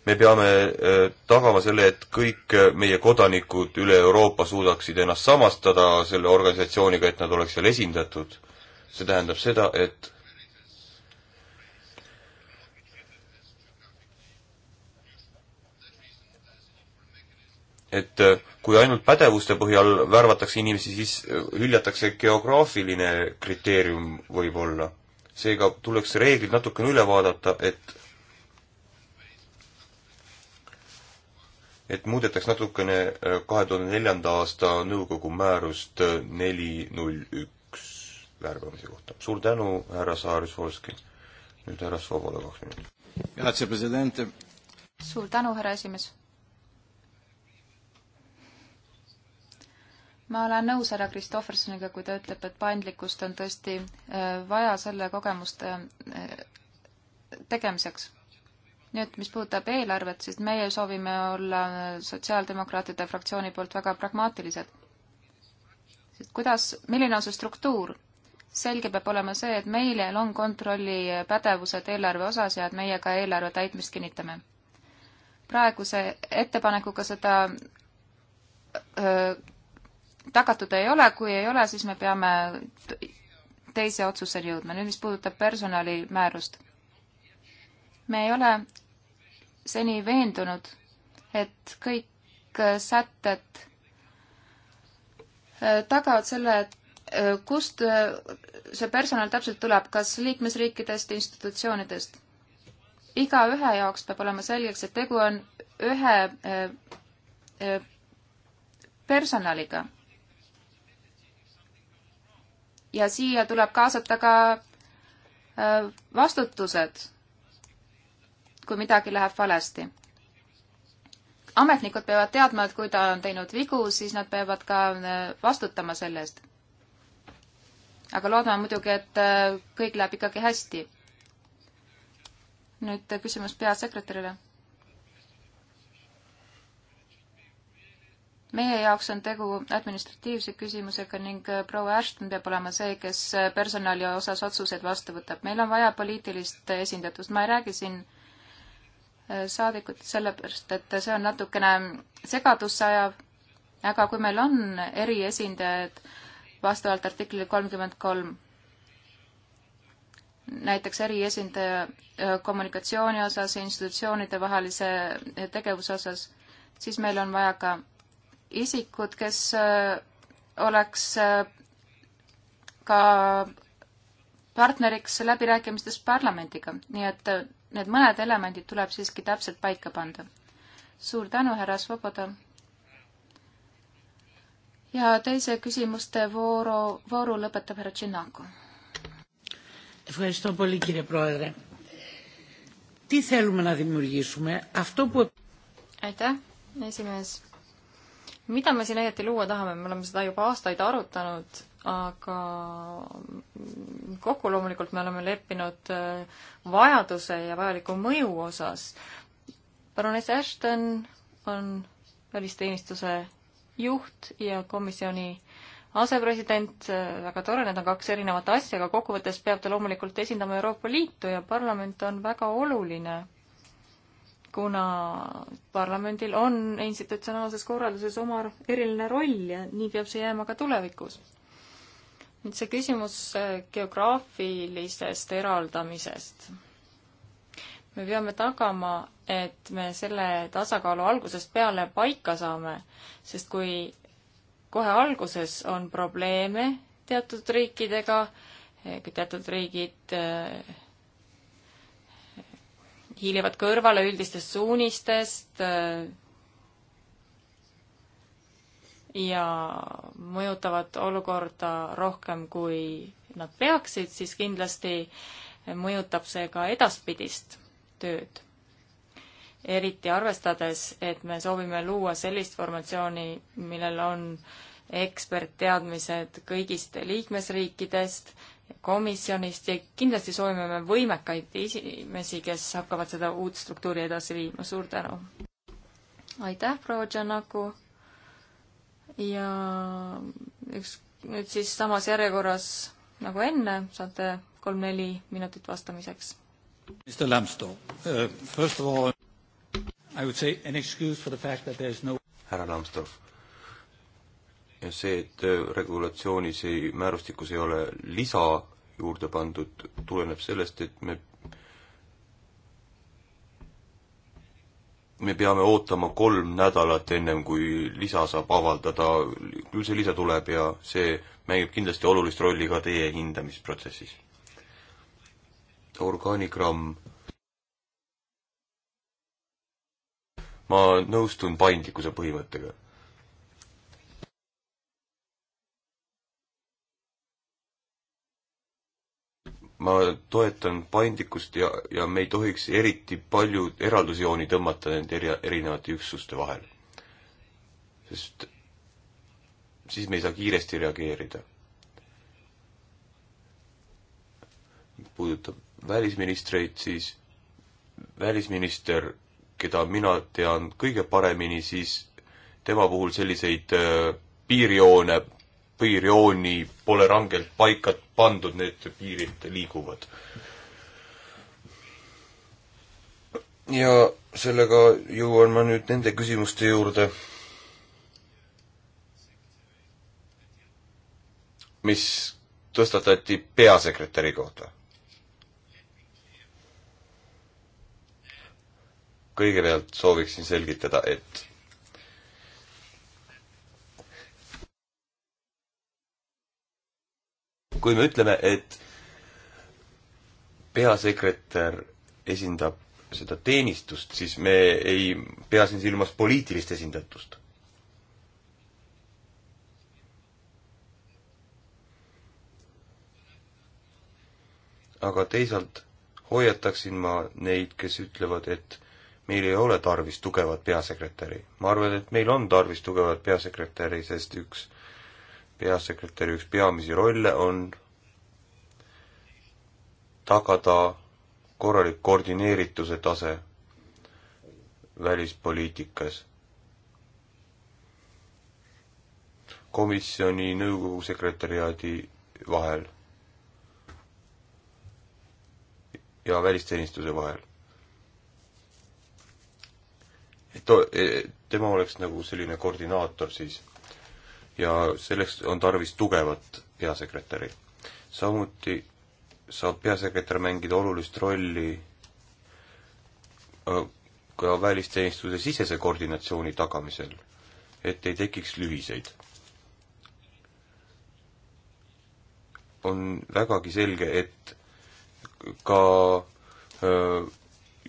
S4: me peame äh, tagama selle, et kõik äh, meie kodanikud üle Euroopa suudaksid ennast samastada selle organisatsiooniga, et nad oleks seal esindatud. see tähendab seda, et et äh, kui ainult pädevuste põhjal värvatakse inimesi, siis hüljatakse geograafiline kriteerium võib-olla. seega tuleks reeglid natukene üle vaadata, et et muudetaks natukene äh, kahe tuhande neljanda aasta nõukogu määrust äh, neli null üks värbamise kohta. suur tänu, härra Saar-Solski. nüüd härra Svoboda kaks minutit.
S2: suur tänu, härra esimees. ma olen nõus härra Kristoffersoniga, kui ta ütleb, et paindlikkust on tõesti äh, vaja selle kogemuste tegemiseks nüüd, mis puudutab eelarvet, siis meie soovime olla Sotsiaaldemokraatide fraktsiooni poolt väga pragmaatilised. sest kuidas, milline on see struktuur? selge peab olema see, et meile on kontrollipädevused eelarve osas ja et meie ka eelarve täitmist kinnitame. praeguse ettepanekuga seda öö, tagatud ei ole, kui ei ole, siis me peame teise otsuseni jõudma. nüüd, mis puudutab personalimäärust me ei ole seni veendunud, et kõik sätted äh, tagavad selle, et äh, kust äh, see personal täpselt tuleb, kas liikmesriikidest, institutsioonidest? igaühe jaoks peab olema selgeks, et tegu on ühe personaliga. ja siia tuleb kaasata ka vastutused kui midagi läheb valesti. ametnikud peavad teadma, et kui ta on teinud vigu, siis nad peavad ka äh, vastutama selle eest. aga loodame muidugi, et äh, kõik läheb ikkagi hästi. nüüd äh, küsimus peasekretärile. meie jaoks on tegu administratiivse küsimusega ning proua Ashton peab olema see, kes personali osas otsuseid vastu võtab. meil on vaja poliitilist esindatust, ma ei räägi siin äh, Äh, saadikut, sellepärast et see on natukene segadusse ajav, aga kui meil on eriesindajad vastavalt artiklile kolmkümmend kolm, näiteks eriesindaja äh, kommunikatsiooni osas ja institutsioonide vahelise äh, tegevuse osas, siis meil on vaja ka isikud, kes oleks ka partneriks läbirääkimistes parlamendiga, nii et need mõned elemendid tuleb siiski täpselt paika panda. suur tänu, härra Svoboda! ja teise küsimuste vooru, vooru lõpetab härra Tšinnaku.
S1: Ευχαριστώ πολύ κύριε Πρόεδρε. Τι θέλουμε να δημιουργήσουμε,
S3: αυτό που... Aitäh, esimees. Mida me siin õieti luua tahame? Me oleme seda juba aastaid arutanud aga kokku loomulikult me oleme leppinud äh, vajaduse ja vajaliku mõju osas. baroness Ashton on välisteenistuse juht ja komisjoni asepresident, äh, väga tore, need on kaks erinevat asja, aga kokkuvõttes peab ta loomulikult esindama Euroopa Liitu ja parlament on väga oluline, kuna parlamendil on institutsionaalses korralduses oma eriline roll ja nii peab see jääma ka tulevikus nüüd see küsimus äh, geograafilisest eraldamisest. me peame tagama, et me selle tasakaalu algusest peale paika saame, sest kui kohe alguses on probleeme teatud riikidega, eh, kui teatud riigid eh, hiilivad kõrvale üldistest suunistest, eh, ja mõjutavad olukorda rohkem, kui nad peaksid, siis kindlasti mõjutab see ka edaspidist tööd. eriti arvestades, et me soovime luua sellist formatsiooni, millel on ekspertteadmised kõigist liikmesriikidest, komisjonist ja kindlasti soovime me võimekaid inimesi, kes hakkavad seda uut struktuuri edasi viima. suur tänu! aitäh, proua Tšernaku! ja eks nüüd siis samas järjekorras nagu enne saate kolm-neli minutit vastamiseks.
S4: Mr Lambsdorff uh,, first of all I would say an excuse for the fact that there is no härra Lambsdorff, see, et uh, regulatsioonis ei, määrustikus ei ole lisa juurde pandud, tuleneb sellest, et me me peame ootama kolm nädalat, ennem kui lisa saab avaldada, küll see lisa tuleb ja see mängib kindlasti olulist rolli ka teie hindamisprotsessis. orgaanigramm. ma nõustun paindlikkuse põhimõttega ma toetan paindlikkust ja, ja me ei tohiks eriti palju eraldusjooni tõmmata nende eri, erinevate üksuste vahel. sest siis me ei saa kiiresti reageerida. puudutab välisministreid, siis välisminister, keda mina tean kõige paremini, siis tema puhul selliseid äh, piirjoone piirjooni pole rangelt paika pandud, need piirid liiguvad. ja sellega jõuan ma nüüd nende küsimuste juurde, mis tõstatati peasekretäri kohta. kõigepealt sooviksin selgitada, et kui me ütleme, et peasekretär esindab seda teenistust, siis me ei pea siin silmas poliitilist esindatust. aga teisalt hoiataksin ma neid, kes ütlevad, et meil ei ole tarvis tugevat peasekretäri. ma arvan, et meil on tarvis tugevat peasekretäri, sest üks peasekretäri üks peamisi rolle on tagada korralik koordineerituse tase välispoliitikas. komisjoni nõukogu sekretäriaadi vahel ja välisteenistuse vahel. et to-, e- e- tema oleks nagu selline koordinaator siis ja selleks on tarvis tugevat peasekretäri. samuti saab peasekretär mängida olulist rolli äh, ka välisteenistuse sisese koordinatsiooni tagamisel, et ei tekiks lühiseid. on vägagi selge, et ka äh,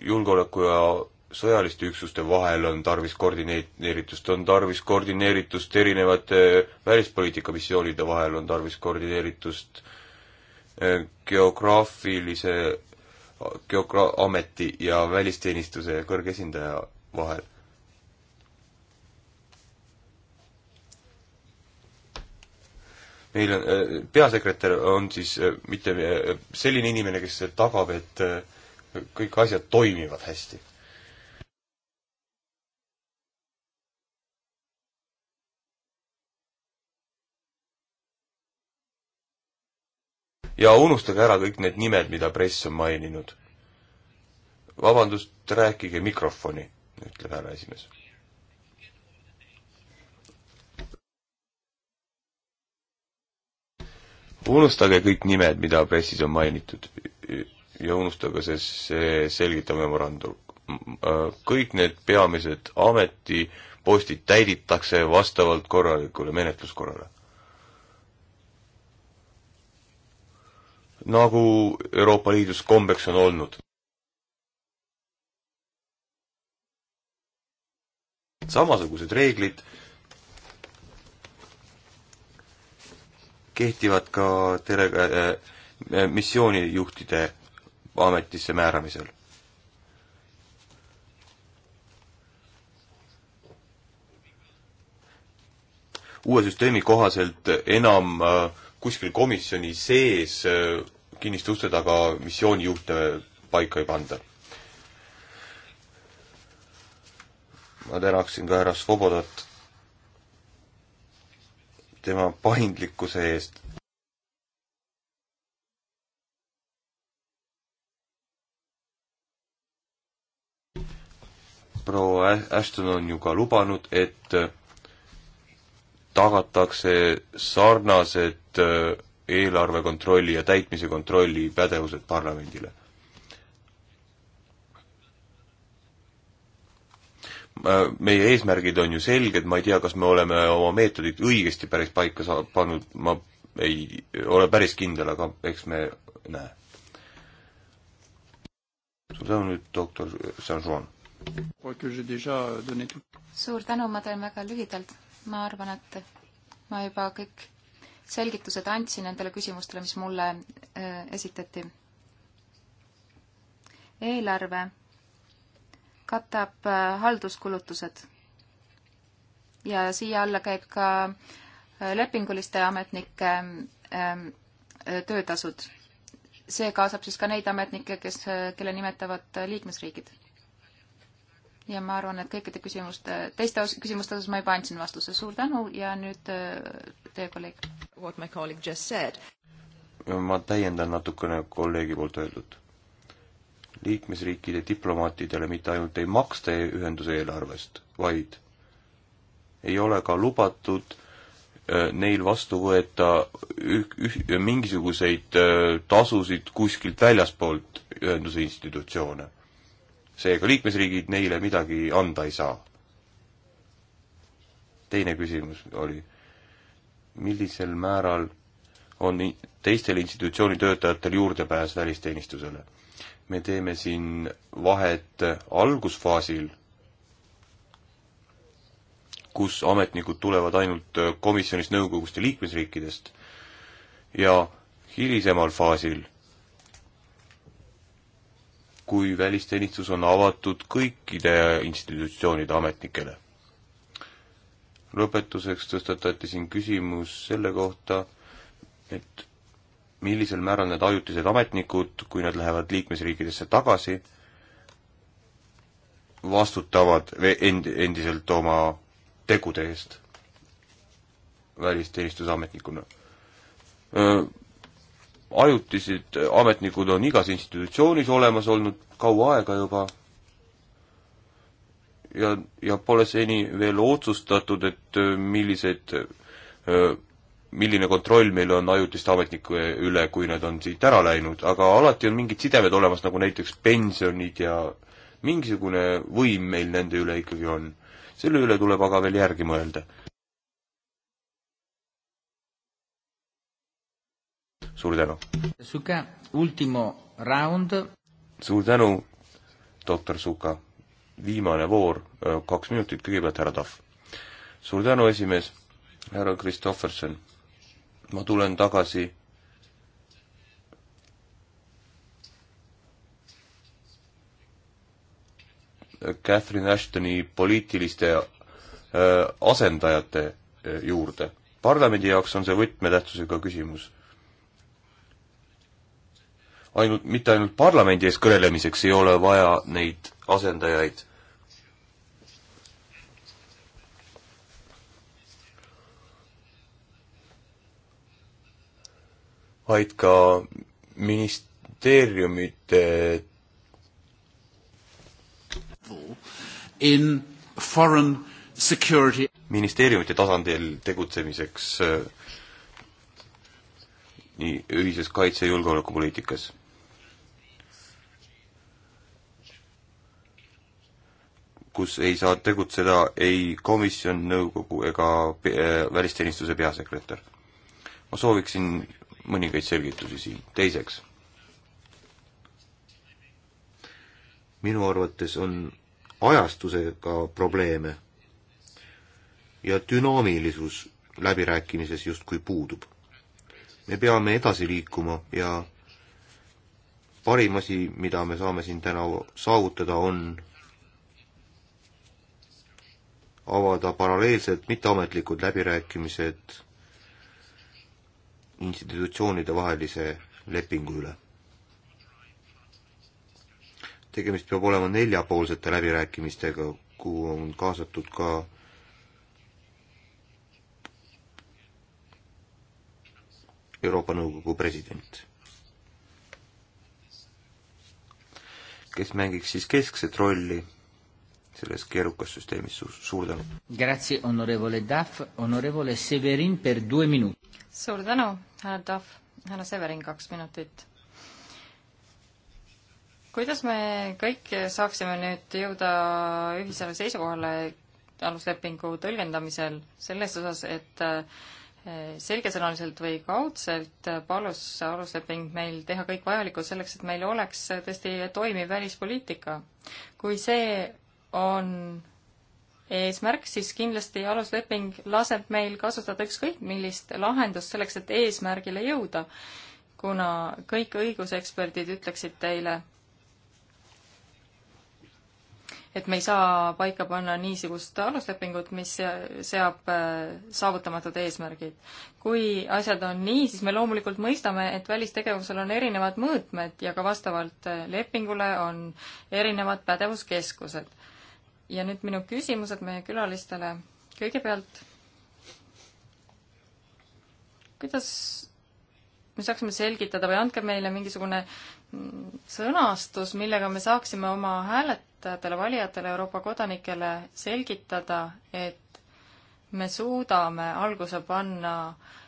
S4: julgeoleku ja sõjaliste üksuste vahel on tarvis koordineeritust, on tarvis koordineeritust erinevate äh, välispoliitika missioonide vahel, on tarvis koordineeritust äh, geograafilise, geogra-, ameti ja välisteenistuse ja kõrge esindaja vahel. meil on, äh, peasekretär on siis mitte selline inimene, kes tagab, et kõik asjad toimivad hästi ja unustage ära kõik need nimed, mida press on maininud. vabandust, rääkige mikrofoni, ütleb härra esimees. unustage kõik nimed, mida pressis on mainitud ja unustage see, see selgitav memorandum. kõik need peamised ametipostid täiditakse vastavalt korralikule menetluskorrale nagu Euroopa Liidus kombeks on olnud. samasugused reeglid kehtivad ka tele- äh,, missioonijuhtide ametisse määramisel. uue süsteemi kohaselt enam äh, kuskil komisjoni sees äh, kinniste uste taga missioonijuhte paika ei panda. ma tänaksin ka härra Svobodat tema paindlikkuse eest. proua Ashton on ju ka lubanud, et tagatakse sarnased Äh, eelarve kontrolli ja täitmise kontrolli pädevused parlamendile. meie eesmärgid on ju selged, ma ei tea, kas me oleme oma meetodid õigesti päris paika saa-, pannud, ma ei ole päris kindel, aga eks me näe. suur tänu nüüd, doktor Saint-Jean.
S2: suur tänu, ma teen väga lühidalt. ma arvan, et ma juba kõik selgitused andsin nendele küsimustele, mis mulle äh, esitati. eelarve katab äh, halduskulutused ja siia alla käib ka äh, lepinguliste ametnike ähm, töötasud. see kaasab siis ka neid ametnikke, kes, kelle nimetavad liikmesriigid ja ma arvan, et kõikide küsimuste, teiste küsimuste osas ma juba andsin vastuse. suur tänu ja nüüd äh, teie kolleeg. What my colleague just said.
S4: ma täiendan natukene kolleegi poolt öeldut. liikmesriikide diplomaatidele mitte ainult ei maksta ühenduse eelarvest, vaid ei ole ka lubatud äh, neil vastu võeta üh, üh, mingisuguseid äh, tasusid kuskilt väljaspoolt ühenduse institutsioone seega liikmesriigid neile midagi anda ei saa. teine küsimus oli, millisel määral on teistel institutsiooni töötajatel juurdepääs välisteenistusele? me teeme siin vahet algusfaasil, kus ametnikud tulevad ainult komisjonist, nõukogust ja liikmesriikidest, ja hilisemal faasil, kui välisteenistus on avatud kõikide institutsioonide ametnikele. lõpetuseks tõstatati siin küsimus selle kohta, et millisel määral need ajutised ametnikud, kui nad lähevad liikmesriikidesse tagasi, vastutavad end-, endiselt oma tegude eest välisteenistusametnikuna ajutised ametnikud on igas institutsioonis olemas olnud kaua aega juba ja, ja pole seni veel otsustatud, et äh, millised, äh, milline kontroll meil on ajutiste ametnike üle, kui nad on siit ära läinud, aga alati on mingid sidemed olemas, nagu näiteks pensionid ja mingisugune võim meil nende üle ikkagi on. selle üle tuleb aga veel järgi mõelda suur tänu! Suka, ultimo round. suur tänu, doktor Suka. viimane voor, kaks minutit, kõigepealt härra Tahv. suur tänu, esimees, härra Kristofferson. ma tulen tagasi Catherine Ashtoni poliitiliste asendajate juurde. parlamendi jaoks on see võtmetähtsusega küsimus ainult, mitte ainult parlamendi ees kõnelemiseks ei ole vaja neid asendajaid. vaid ka ministeeriumite in foreign security ministeeriumite tasandil tegutsemiseks äh, nii ühises kaitse- ja julgeolekupoliitikas kus ei saa tegutseda ei komisjon, nõukogu ega eh, välisteenistuse peasekretär. ma sooviksin mõningaid selgitusi siin. teiseks, minu arvates on ajastusega probleeme ja dünaamilisus läbirääkimises justkui puudub. me peame edasi liikuma ja parim asi, mida me saame siin täna saavutada, on avada paralleelselt mitteametlikud läbirääkimised institutsioonide vahelise lepingu üle. tegemist peab olema neljapoolsete läbirääkimistega, kuhu on kaasatud ka Euroopa Nõukogu president, kes mängiks siis keskset rolli selles keerukas süsteemis su, suur tänu.
S1: Grazie, honorevole Duff, honorevole Severin per due minut.
S3: suur tänu, härra Duff, härra Severin, kaks minutit. kuidas me kõik saaksime nüüd jõuda ühisele seisukohale aluslepingu tõlgendamisel selles osas, et eh, selgesõnaliselt või kaudselt palus alusleping meil teha kõik vajalikku selleks, et meil oleks tõesti toimiv välispoliitika. kui see on eesmärk, siis kindlasti alusleping laseb meil kasutada ükskõik millist lahendust selleks, et eesmärgile jõuda, kuna kõik õiguseksperdid ütleksid teile, et me ei saa paika panna niisugust aluslepingut, mis seab äh, saavutamatud eesmärgid. kui asjad on nii, siis me loomulikult mõistame, et välistegevusel on erinevad mõõtmed ja ka vastavalt äh, lepingule on erinevad pädevuskeskused ja nüüd minu küsimused meie külalistele. kõigepealt, kuidas me saaksime selgitada või andke meile mingisugune mm, sõnastus, millega me saaksime oma hääletajatele, valijatele, Euroopa kodanikele selgitada, et me suudame alguse panna äh,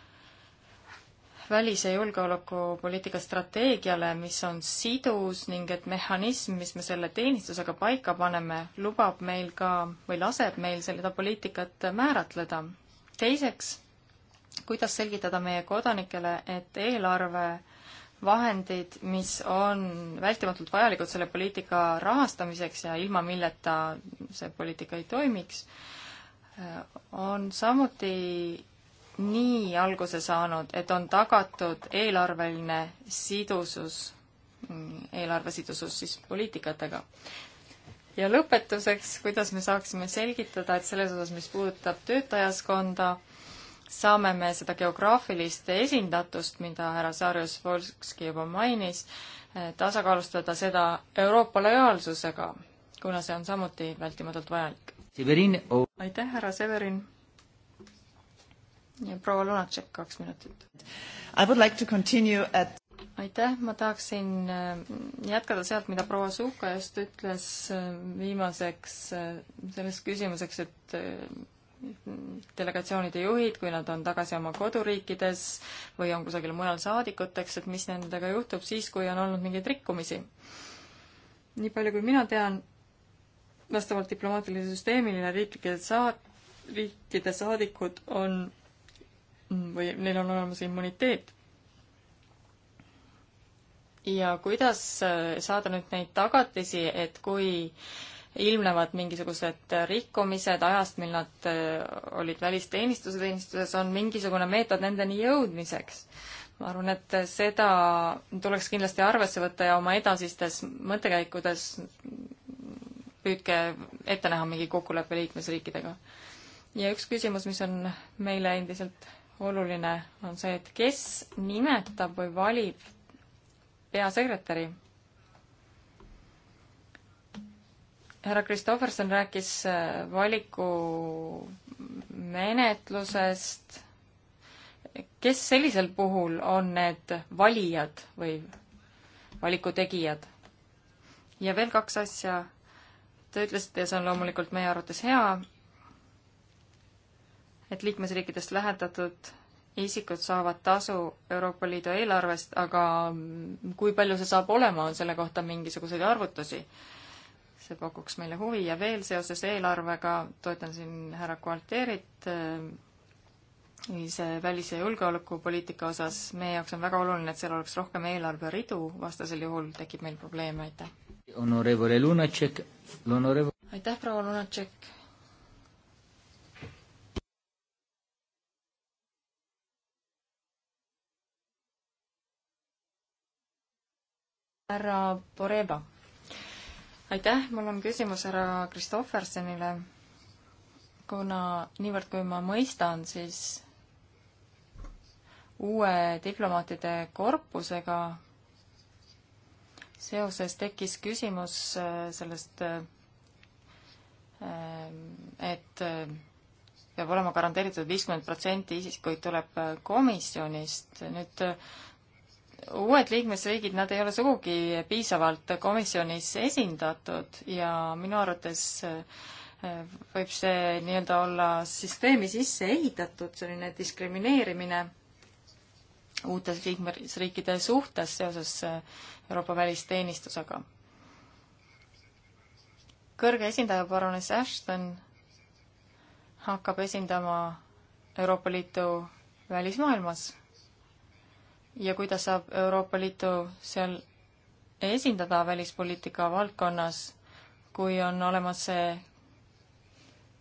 S3: välis- ja julgeolekupoliitika strateegiale, mis on sidus ning et mehhanism, mis me selle teenistusega paika paneme, lubab meil ka või laseb meil seda poliitikat määratleda. teiseks, kuidas selgitada meie kodanikele, et eelarve vahendid, mis on vältimatult vajalikud selle poliitika rahastamiseks ja ilma milleta see poliitika ei toimiks, on samuti nii alguse saanud, et on tagatud eelarveline sidusus, eelarve sidusus siis poliitikatega. ja lõpetuseks, kuidas me saaksime selgitada, et selles osas, mis puudutab töötajaskonda, saame me seda geograafilist esindatust, mida härra Sarjus Volski juba mainis, eh, tasakaalustada seda Euroopa lojaalsusega, kuna see on samuti vältimatult vajalik. Oh. aitäh, härra Severin! ja proua Lunatšek, kaks minutit. I would like to continue at aitäh, ma tahaksin äh, jätkada sealt, mida proua Suuka just ütles äh, viimaseks äh, selles küsimuseks, et delegatsioonide juhid, kui nad on tagasi oma koduriikides või on kusagil mujal saadikuteks, et mis nendega juhtub siis, kui on olnud mingeid rikkumisi. nii palju, kui mina tean, vastavalt diplomaatilisele süsteemile riiklikud saad-, riikide saadikud on või neil on olemas immuniteet. ja kuidas äh, saada nüüd neid tagatisi, et kui ilmnevad mingisugused rikkumised ajast, mil nad äh, olid välisteenistuse teenistuses, on mingisugune meetod nendeni jõudmiseks. ma arvan, et seda tuleks kindlasti arvesse võtta ja oma edasistes mõttekäikudes püüdke ette näha mingi kokkuleppe liikmesriikidega. ja üks küsimus, mis on meile endiselt oluline on see, et kes nimetab või valib peasekretäri. härra Kristofferson rääkis äh, valiku menetlusest. kes sellisel puhul on need valijad või valiku tegijad? ja veel kaks asja. Te ütlesite ja see on loomulikult meie arvates hea, et liikmesriikidest lähetatud isikud saavad tasu Euroopa Liidu eelarvest, aga kui palju see saab olema, on selle kohta mingisuguseid arvutusi? see pakuks meile huvi ja veel seoses eelarvega toetan siin härra Gualtierit ühise äh, välis- ja julgeolekupoliitika osas. meie jaoks on väga oluline, et seal oleks rohkem eelarveridu, vastasel juhul tekib meil probleeme, aitäh. aitäh, proua Lunatšek härra Poreba. aitäh, mul on küsimus härra Kristoffersenile. kuna niivõrd, kui ma mõistan, siis uue diplomaatide korpusega seoses tekkis küsimus äh, sellest, äh, et äh, peab olema garanteeritud viiskümmend protsenti isikuid tuleb komisjonist. nüüd uued liikmesriigid, nad ei ole sugugi piisavalt komisjonis esindatud ja minu arvates eh, võib see nii-öelda olla süsteemi sisse ehitatud, selline diskrimineerimine uutes liikmesriikide suhtes seoses eh, Euroopa välisteenistusega. kõrge esindaja parunes Ashton hakkab esindama Euroopa Liitu välismaailmas ja kuidas saab Euroopa Liitu seal esindada välispoliitika valdkonnas, kui on olemas see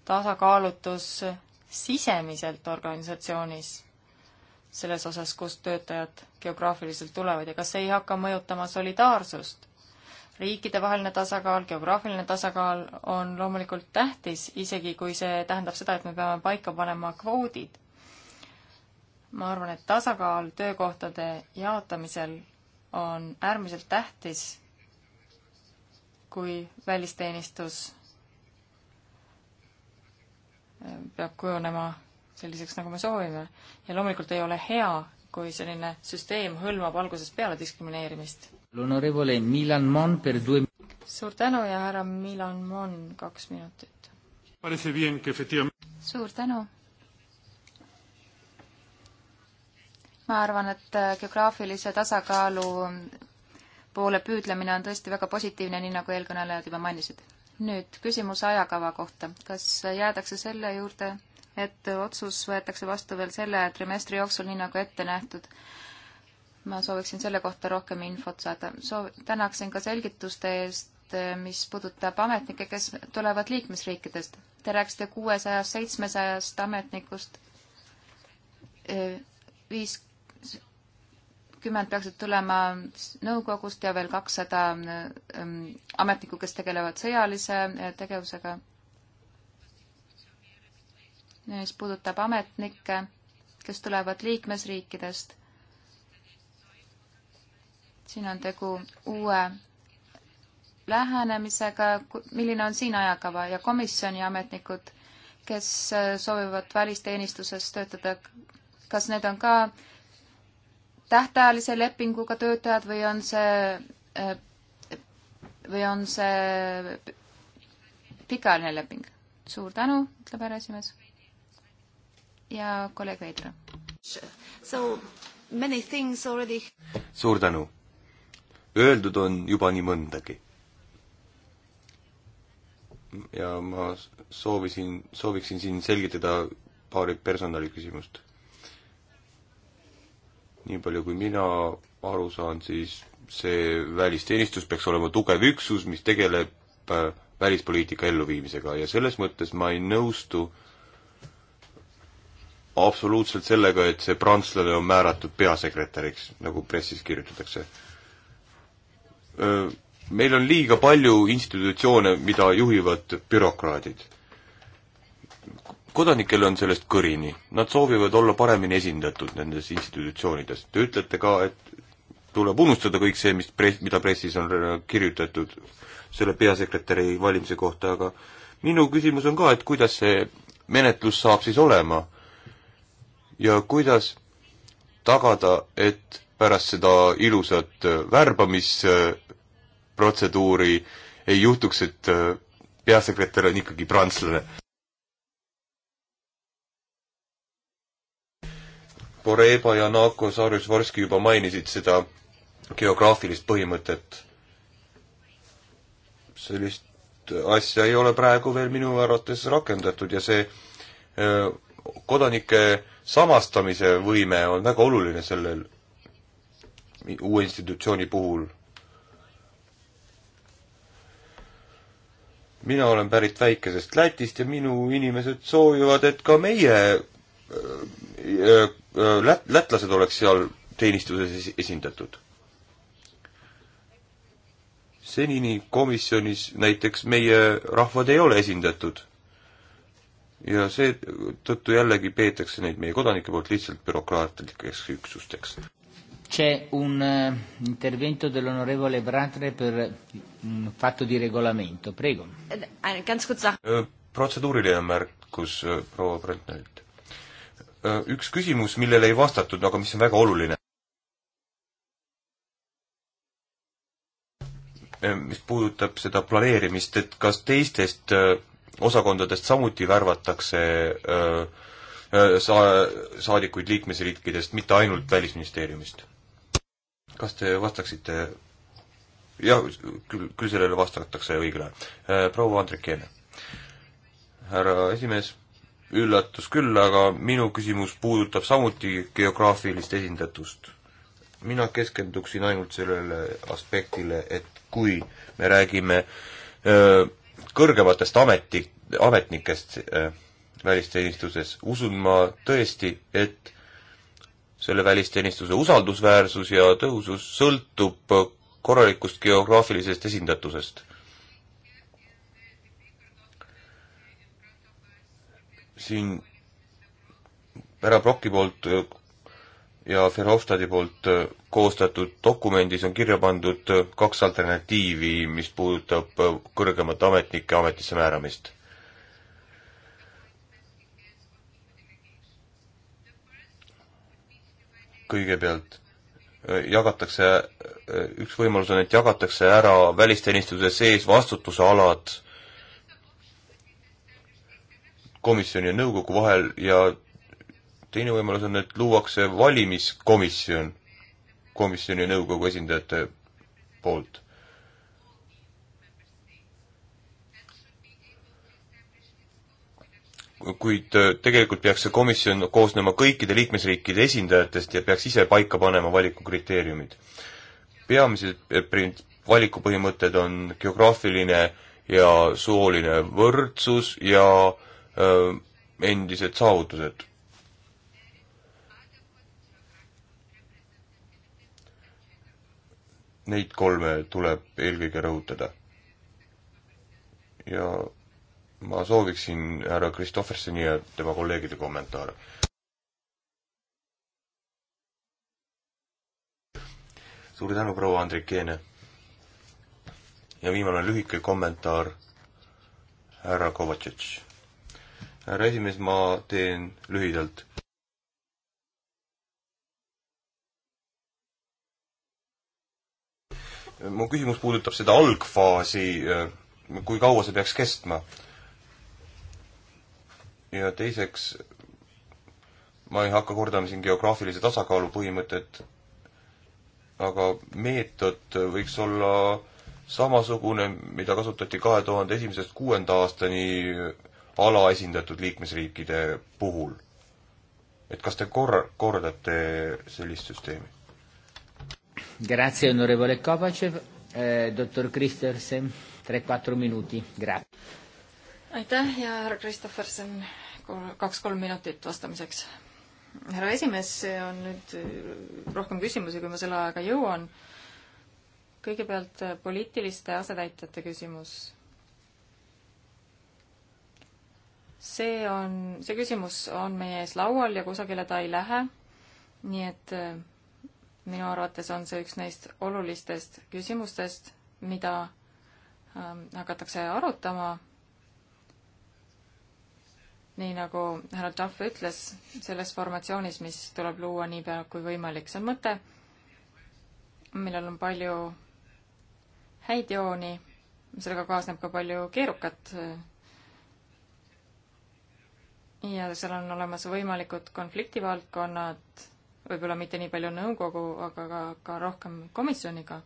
S3: tasakaalutus sisemiselt organisatsioonis selles osas, kust töötajad geograafiliselt tulevad ja kas ei hakka mõjutama solidaarsust? riikidevaheline tasakaal, geograafiline tasakaal on loomulikult tähtis, isegi kui see tähendab seda, et me peame paika panema kvoodid ma arvan, et tasakaal töökohtade jaotamisel on äärmiselt tähtis, kui välisteenistus peab kujunema selliseks, nagu me soovime. ja loomulikult ei ole hea, kui selline süsteem hõlmab algusest peale diskrimineerimist. suur tänu ja härra Milan Mon, kaks minutit. suur tänu
S2: ma arvan, et äh, geograafilise tasakaalu poole püüdlemine on tõesti väga positiivne, nii nagu eelkõnelejad juba mainisid. nüüd küsimus ajakava kohta. kas jäädakse selle juurde, et otsus võetakse vastu veel selle trimestri jooksul, nii nagu ette nähtud? ma sooviksin selle kohta rohkem infot saada. Soov-, tänaksin ka selgituste eest, äh, mis puudutab ametnikke, kes tulevad liikmesriikidest. Te rääkisite kuuesajast, seitsmesajast ametnikust äh, viis kümmend peaksid tulema nõukogust ja veel kakssada ähm, ametnikku, kes tegelevad sõjalise äh, tegevusega. mis puudutab ametnikke, kes tulevad liikmesriikidest, siin on tegu uue lähenemisega, milline on siin ajakava ja komisjoni ametnikud, kes äh, soovivad välisteenistuses töötada, kas need on ka äh, tähtajalise lepinguga töötajad või on see, eh, või on see pikaajaline leping? suur tänu, ütleb härra esimees. ja kolleeg Veidra.
S4: suur tänu. Öeldud on juba nii mõndagi. ja ma soovisin, sooviksin siin selgitada paari personaliküsimust nii palju kui mina aru saan, siis see välisteenistus peaks olema tugev üksus, mis tegeleb äh, välispoliitika elluviimisega ja selles mõttes ma ei nõustu absoluutselt sellega, et see prantslane on määratud peasekretäriks, nagu pressis kirjutatakse. Äh, meil on liiga palju institutsioone, mida juhivad bürokraadid kodanikel on sellest kõrini, nad soovivad olla paremini esindatud nendes institutsioonides. Te ütlete ka, et tuleb unustada kõik see, mis pre-, mida pressis on kirjutatud selle peasekretäri valimise kohta, aga minu küsimus on ka, et kuidas see menetlus saab siis olema ja kuidas tagada, et pärast seda ilusat äh, värbamisprotseduuri ei juhtuks, et äh, peasekretär on ikkagi prantslane Poreba ja Naoko Sarjus-Vorski juba mainisid seda geograafilist põhimõtet. sellist asja ei ole praegu veel minu arvates rakendatud ja see kodanike samastamise võime on väga oluline sellel uue institutsiooni puhul. mina olen pärit väikesest Lätist ja minu inimesed soovivad, et ka meie Äh, lät-, lätlased oleks seal teenistuses esindatud. senini komisjonis näiteks meie rahvad ei ole esindatud. ja seetõttu jällegi peetakse neid meie kodanike poolt lihtsalt bürokraatlikeks üksusteks.
S1: C'è un uh, intervento dell'onorevole Brandner per un mm, fatto di regolamento,
S4: prego. Eh, eh, äh, protseduuriline märkus äh, proua Brandnerilt Äh, üks küsimus, millele ei vastatud, aga mis on väga oluline. Äh, mis puudutab seda planeerimist, et kas teistest äh, osakondadest samuti värvatakse sa-, saadikuid liikmesriikidest, mitte ainult Välisministeeriumist? kas te vastaksite jah, küll, küll sellele vastatakse õigel ajal. proua Andrek Jeene. härra esimees, üllatus küll, aga minu küsimus puudutab samuti geograafilist esindatust. mina keskenduksin ainult sellele aspektile, et kui me räägime öö, kõrgematest ameti, ametnikest öö, välisteenistuses, usun ma tõesti, et selle välisteenistuse usaldusväärsus ja tõhusus sõltub korralikust geograafilisest esindatusest siin härra Brocki poolt äh, ja Verhofstadi poolt äh, koostatud dokumendis on kirja pandud äh, kaks alternatiivi, mis puudutab kõrgemat ametnike ametisse määramist. kõigepealt jagatakse, üks võimalus on, et jagatakse ära välisteenistuse sees vastutusalad komisjoni ja nõukogu vahel ja teine võimalus on, et luuakse valimiskomisjon komisjoni ja nõukogu esindajate poolt. kuid äh, tegelikult peaks see komisjon koosnema kõikide liikmesriikide esindajatest ja peaks ise paika panema valikukriteeriumid. peamised äh, valikupõhimõtted on geograafiline ja sooline võrdsus ja äh, endised saavutused. Neid kolme tuleb eelkõige rõhutada. ja ma sooviksin härra Kristoffersoni ja tema kolleegide kommentaare. suur tänu, proua Andrikeene. ja viimane lühike kommentaar härra Kovatšetš härra esimees, ma teen lühidalt. mu küsimus puudutab seda algfaasi, äh, kui kaua see peaks kestma? ja teiseks, ma ei hakka kordama siin geograafilise tasakaalu põhimõtet, aga meetod võiks olla samasugune, mida kasutati kahe tuhande esimesest kuuenda aastani alaesindatud liikmesriikide puhul. et kas te korra, kordate sellist süsteemi?
S1: Grazie, onorevole Kovatšev eh,, doktor Kristersen, tre-quattro minuti, grazie.
S3: aitäh ja härra Kristoffersen, kaks-kolm minutit vastamiseks. härra esimees, see on nüüd eh, rohkem küsimusi, kui ma selle ajaga jõuan. kõigepealt eh, poliitiliste asetäitjate küsimus see on, see küsimus on meie ees laual ja kusagile ta ei lähe. nii et äh, minu arvates on see üks neist olulistest küsimustest, mida ähm, hakatakse arutama. nii nagu härra Duff ütles, selles formatsioonis, mis tuleb luua niipea kui võimalik, see on mõte, millel on palju häid jooni, sellega kaasneb ka palju keerukat äh, ja seal on olemas võimalikud konfliktivaldkonnad, võib-olla mitte nii palju nõukogu, aga ka, ka rohkem komisjoniga.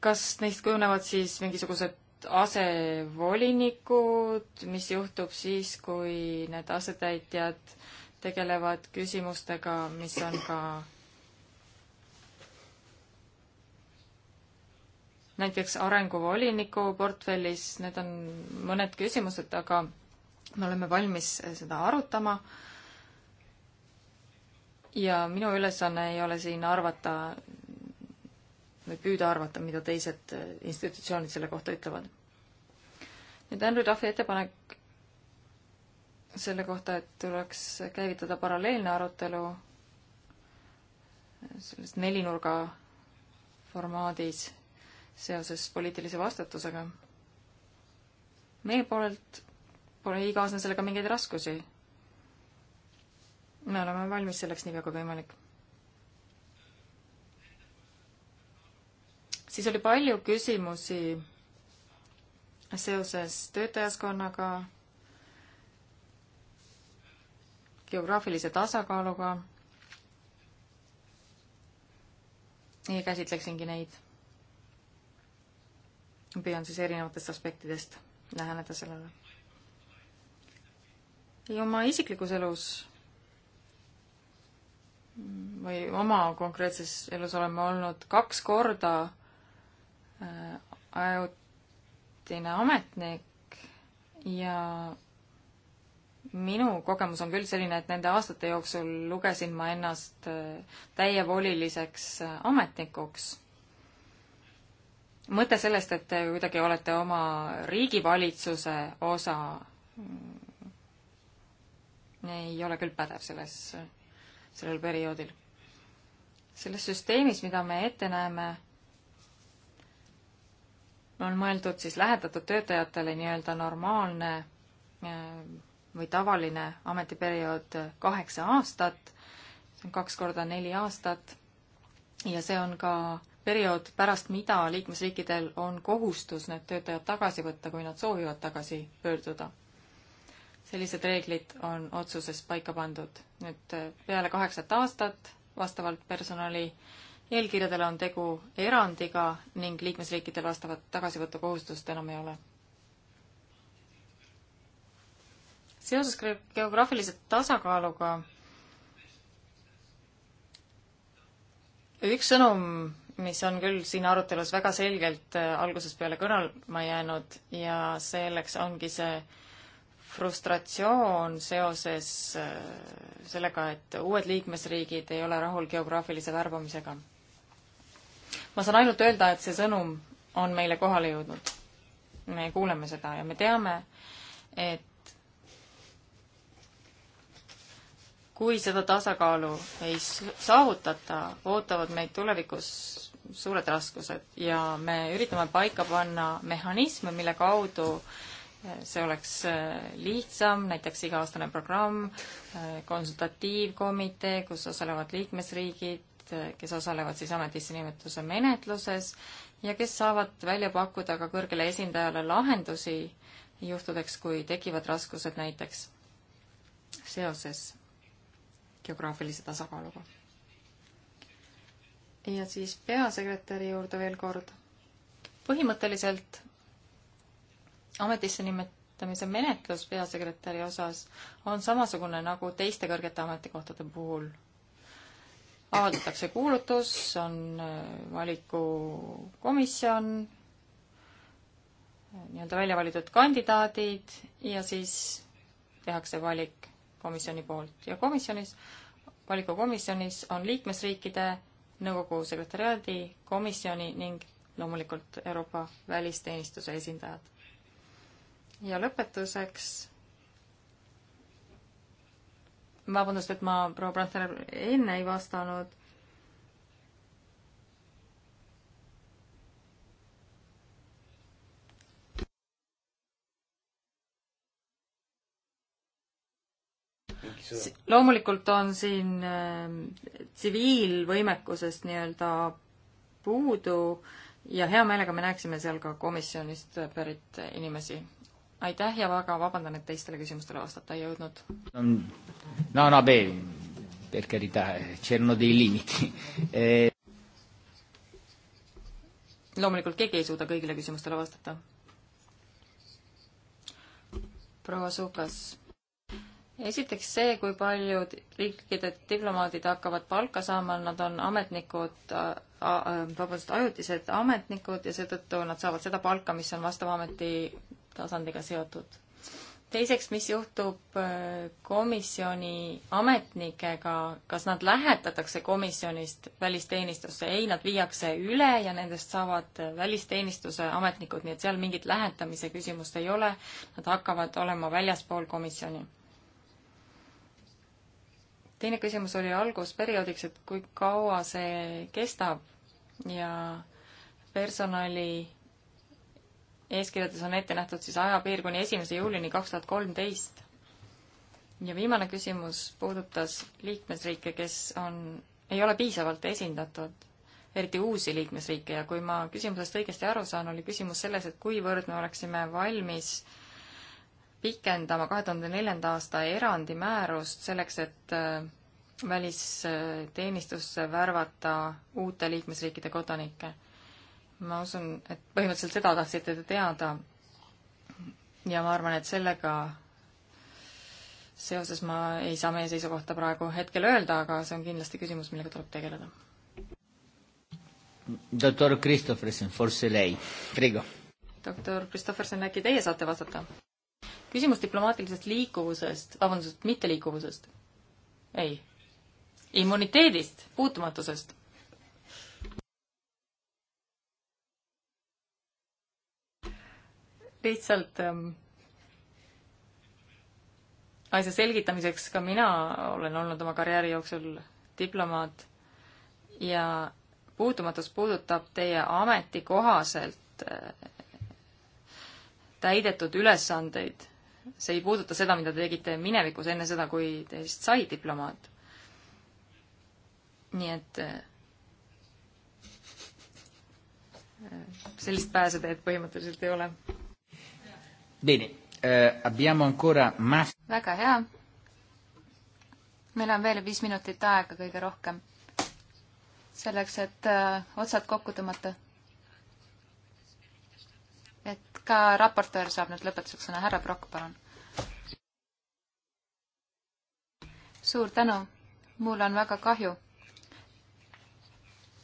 S3: kas neist kujunevad siis mingisugused asevolinikud, mis juhtub siis, kui need asetäitjad tegelevad küsimustega, mis on ka näiteks arenguvoliniku portfellis, need on mõned küsimused, aga me oleme valmis seda arutama. ja minu ülesanne ei ole siin arvata või püüda arvata, mida teised institutsioonid selle kohta ütlevad. nüüd Andrew Duffy ettepanek selle kohta, et tuleks käivitada paralleelne arutelu selles nelinurga formaadis seoses poliitilise vastutusega. meie poolelt pole ei kaasne sellega mingeid raskusi. me oleme valmis selleks niipea kui võimalik. siis oli palju küsimusi seoses töötajaskonnaga, geograafilise tasakaaluga. nii käsitleksingi neid püüan siis erinevatest aspektidest läheneda sellele. ja oma isiklikus elus või oma konkreetses elus olen ma olnud kaks korda äh, ajutine ametnik ja minu kogemus on küll selline, et nende aastate jooksul lugesin ma ennast äh, täievoliliseks äh, ametnikuks mõte sellest, et te kuidagi olete oma riigivalitsuse osa, mm, ei ole küll pädev selles, sellel perioodil. selles süsteemis, mida me ette näeme, on mõeldud siis lähetatud töötajatele nii-öelda normaalne äh, või tavaline ametiperiood kaheksa aastat, see on kaks korda neli aastat ja see on ka periood, pärast mida liikmesriikidel on kohustus need töötajad tagasi võtta, kui nad soovivad tagasi pöörduda. sellised reeglid on otsuses paika pandud. nüüd äh, peale kaheksat aastat vastavalt personali eelkirjadele on tegu erandiga ning liikmesriikidel vastavat tagasivõtukohustust enam ei ole. seoses geograafilise tasakaaluga üks sõnum mis on küll siin arutelus väga selgelt äh, algusest peale kõlama jäänud ja selleks ongi see frustratsioon seoses äh, sellega, et uued liikmesriigid ei ole rahul geograafilise värbamisega. ma saan ainult öelda, et see sõnum on meile kohale jõudnud. me kuuleme seda ja me teame, et kui seda tasakaalu ei saavutata, ootavad meid tulevikus suured raskused ja me üritame paika panna mehhanisme, mille kaudu eh, see oleks eh, lihtsam, näiteks iga-aastane programm, eh, konsultatiivkomitee, kus osalevad liikmesriigid, kes osalevad siis ametisse nimetuse menetluses ja kes saavad välja pakkuda ka kõrgele esindajale lahendusi juhtudeks, kui tekivad raskused näiteks seoses geograafilise tasakaaluga ja siis peasekretäri juurde veel kord. põhimõtteliselt ametisse nimetamise menetlus peasekretäri osas on samasugune nagu teiste kõrgete ametikohtade puhul. avaldatakse kuulutus, on äh, valikukomisjon, nii-öelda välja valitud kandidaadid ja siis tehakse valik komisjoni poolt ja komisjonis, valikukomisjonis on liikmesriikide nõukogu sekretäriaadi, komisjoni ning loomulikult Euroopa välisteenistuse esindajad. ja lõpetuseks, vabandust, et ma proua Brandtner enne ei vastanud, loomulikult on siin äh, tsiviilvõimekusest äh, nii-öelda puudu ja hea meelega me näeksime seal ka komisjonist pärit inimesi. aitäh ja väga vabandan, et teistele küsimustele vastata ei jõudnud.
S1: no, no, per carità, c'erano dei limiti eh....
S3: loomulikult keegi ei suuda kõigile küsimustele vastata. proua Sukas esiteks see, kui paljud riikide diplomaadid hakkavad palka saama, nad on ametnikud, vabandust, ajutised ametnikud ja seetõttu nad saavad seda palka, mis on vastava ameti tasandiga seotud. teiseks, mis juhtub äh, komisjoni ametnikega, kas nad lähetatakse komisjonist välisteenistusse? ei, nad viiakse üle ja nendest saavad välisteenistuse ametnikud, nii et seal mingit lähetamise küsimust ei ole, nad hakkavad olema väljaspool komisjoni teine küsimus oli algusperioodiks, et kui kaua see kestab ja personali eeskirjades on ette nähtud siis ajapiir kuni esimese juulini kaks tuhat kolmteist. ja viimane küsimus puudutas liikmesriike, kes on, ei ole piisavalt esindatud, eriti uusi liikmesriike ja kui ma küsimusest õigesti aru saan, oli küsimus selles, et kuivõrd me oleksime valmis äh, pikendama kahe tuhande neljanda aasta erandimäärust selleks, et äh, välisteenistusse värvata uute liikmesriikide kodanikke. ma usun, et põhimõtteliselt seda tahtsite te teada. ja ma arvan, et sellega seoses ma ei saa meie seisukohta praegu hetkel öelda, aga see on kindlasti küsimus, millega tuleb tegeleda.
S1: doktor Kristoffersen, forse lei, Priigo.
S3: doktor Kristoffersen, äkki teie saate vastata? küsimus diplomaatilisest liikuvusest, vabandust, mitteliikuvusest. ei. immuniteedist, puutumatusest. lihtsalt ähm, asja selgitamiseks ka mina olen olnud oma karjääri jooksul diplomaat ja puutumatus puudutab teie ametikohaselt äh, täidetud ülesandeid see ei puuduta seda, mida te tegite minevikus, enne seda, kui teist sai diplomaat. nii et äh, sellist pääseteed põhimõtteliselt ei ole.
S1: Bene äh,, abbiamo ancora mas-.
S3: väga hea.
S2: meil on veel viis minutit aega kõige rohkem. selleks, et äh, otsad kokku tõmmata ka raportöör saab nüüd lõpetuseks sõna. härra Prokk, palun. suur tänu. mul on väga kahju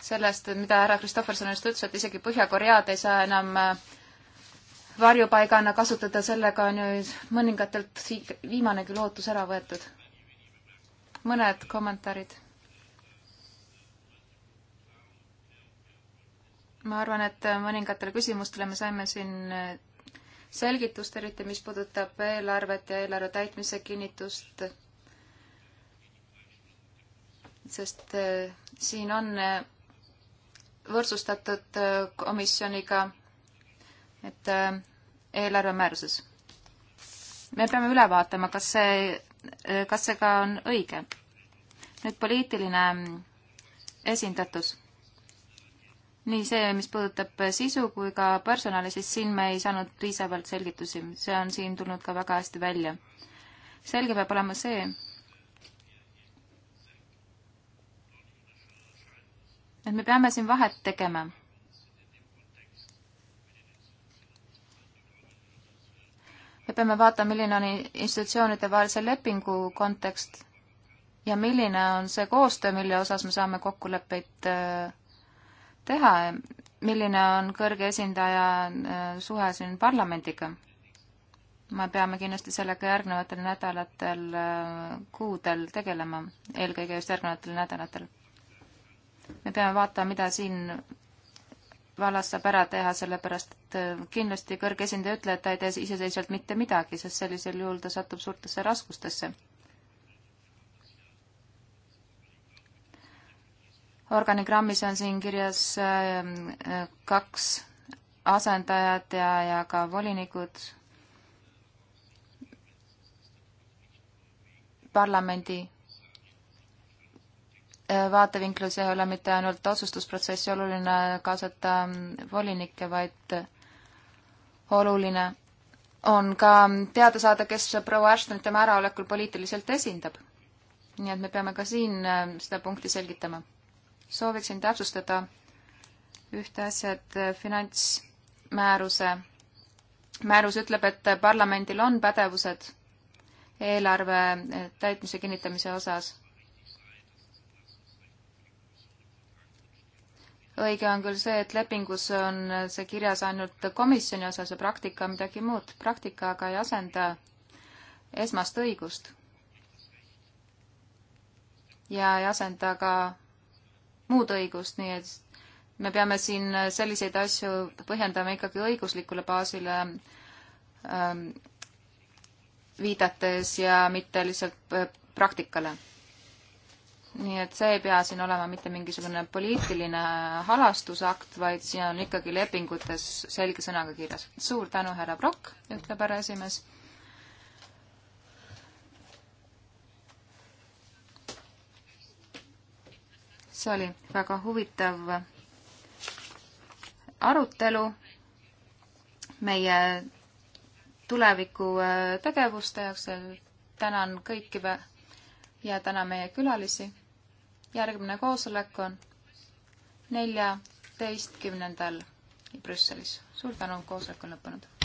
S2: sellest, mida härra Kristofferson just ütles, et isegi Põhja-Koread ei saa enam äh, varjupaigana kasutada, sellega on ju mõningatelt viimanegi lootus ära võetud. mõned kommentaarid ma arvan, et mõningatele küsimustele me saime siin äh, selgitust, eriti mis puudutab eelarvet ja eelarve täitmise kinnitust, sest äh, siin on äh, võrdsustatud komisjoniga, et eelarve määruses. me peame üle vaatama, kas see, kas see ka on õige. nüüd poliitiline mm, esindatus nii see, mis puudutab sisu kui ka personali, siis siin me ei saanud piisavalt selgitusi, see on siin tulnud ka väga hästi välja. selge peab olema see, et me peame siin vahet tegema. me peame vaatama, milline on institutsioonide vahelise lepingu kontekst ja milline on see koostöö, mille osas me saame kokkuleppeid äh, teha, milline on kõrge esindaja äh, suhe siin parlamendiga. me peame kindlasti sellega järgnevatel nädalatel, äh, kuudel tegelema, eelkõige just järgnevatel nädalatel. me peame vaatama, mida siin vallas saab ära teha, sellepärast et äh, kindlasti kõrge esindaja ütleb, et ta ei tee iseseisvalt mitte midagi, sest sellisel juhul ta satub suurtesse raskustesse organigrammis on siin kirjas ähm, äh, kaks asendajat ja, ja ka volinikud parlamendi äh, vaatevinklus ei ole mitte ainult otsustusprotsessi oluline kaasata ähm, volinikke, vaid äh, oluline on ka ähm, teada saada, kes proua Ashton tema äraolekul poliitiliselt esindab. nii et me peame ka siin seda punkti selgitama sooviksin täpsustada ühte asja, et finantsmääruse, määrus ütleb, et parlamendil on pädevused eelarve täitmise kinnitamise osas. õige on küll see, et lepingus on see kirjas ainult komisjoni osas ja praktika on midagi muud. praktika aga ei asenda esmast õigust ja ei asenda ka muud õigust, nii et me peame siin selliseid asju põhjendama ikkagi õiguslikule baasile ähm, viidates ja mitte lihtsalt äh, praktikale. nii et see ei pea siin olema mitte mingisugune poliitiline halastusakt, vaid siin on ikkagi lepingutes selge sõnaga kirjas. suur tänu, härra Brock, ütleb härra esimees see oli väga huvitav arutelu meie tuleviku äh, tegevuste jaoks. tänan kõiki ja tänan meie külalisi. järgmine koosolek on neljateistkümnendal Brüsselis. suur tänu, koosolek on lõppenud.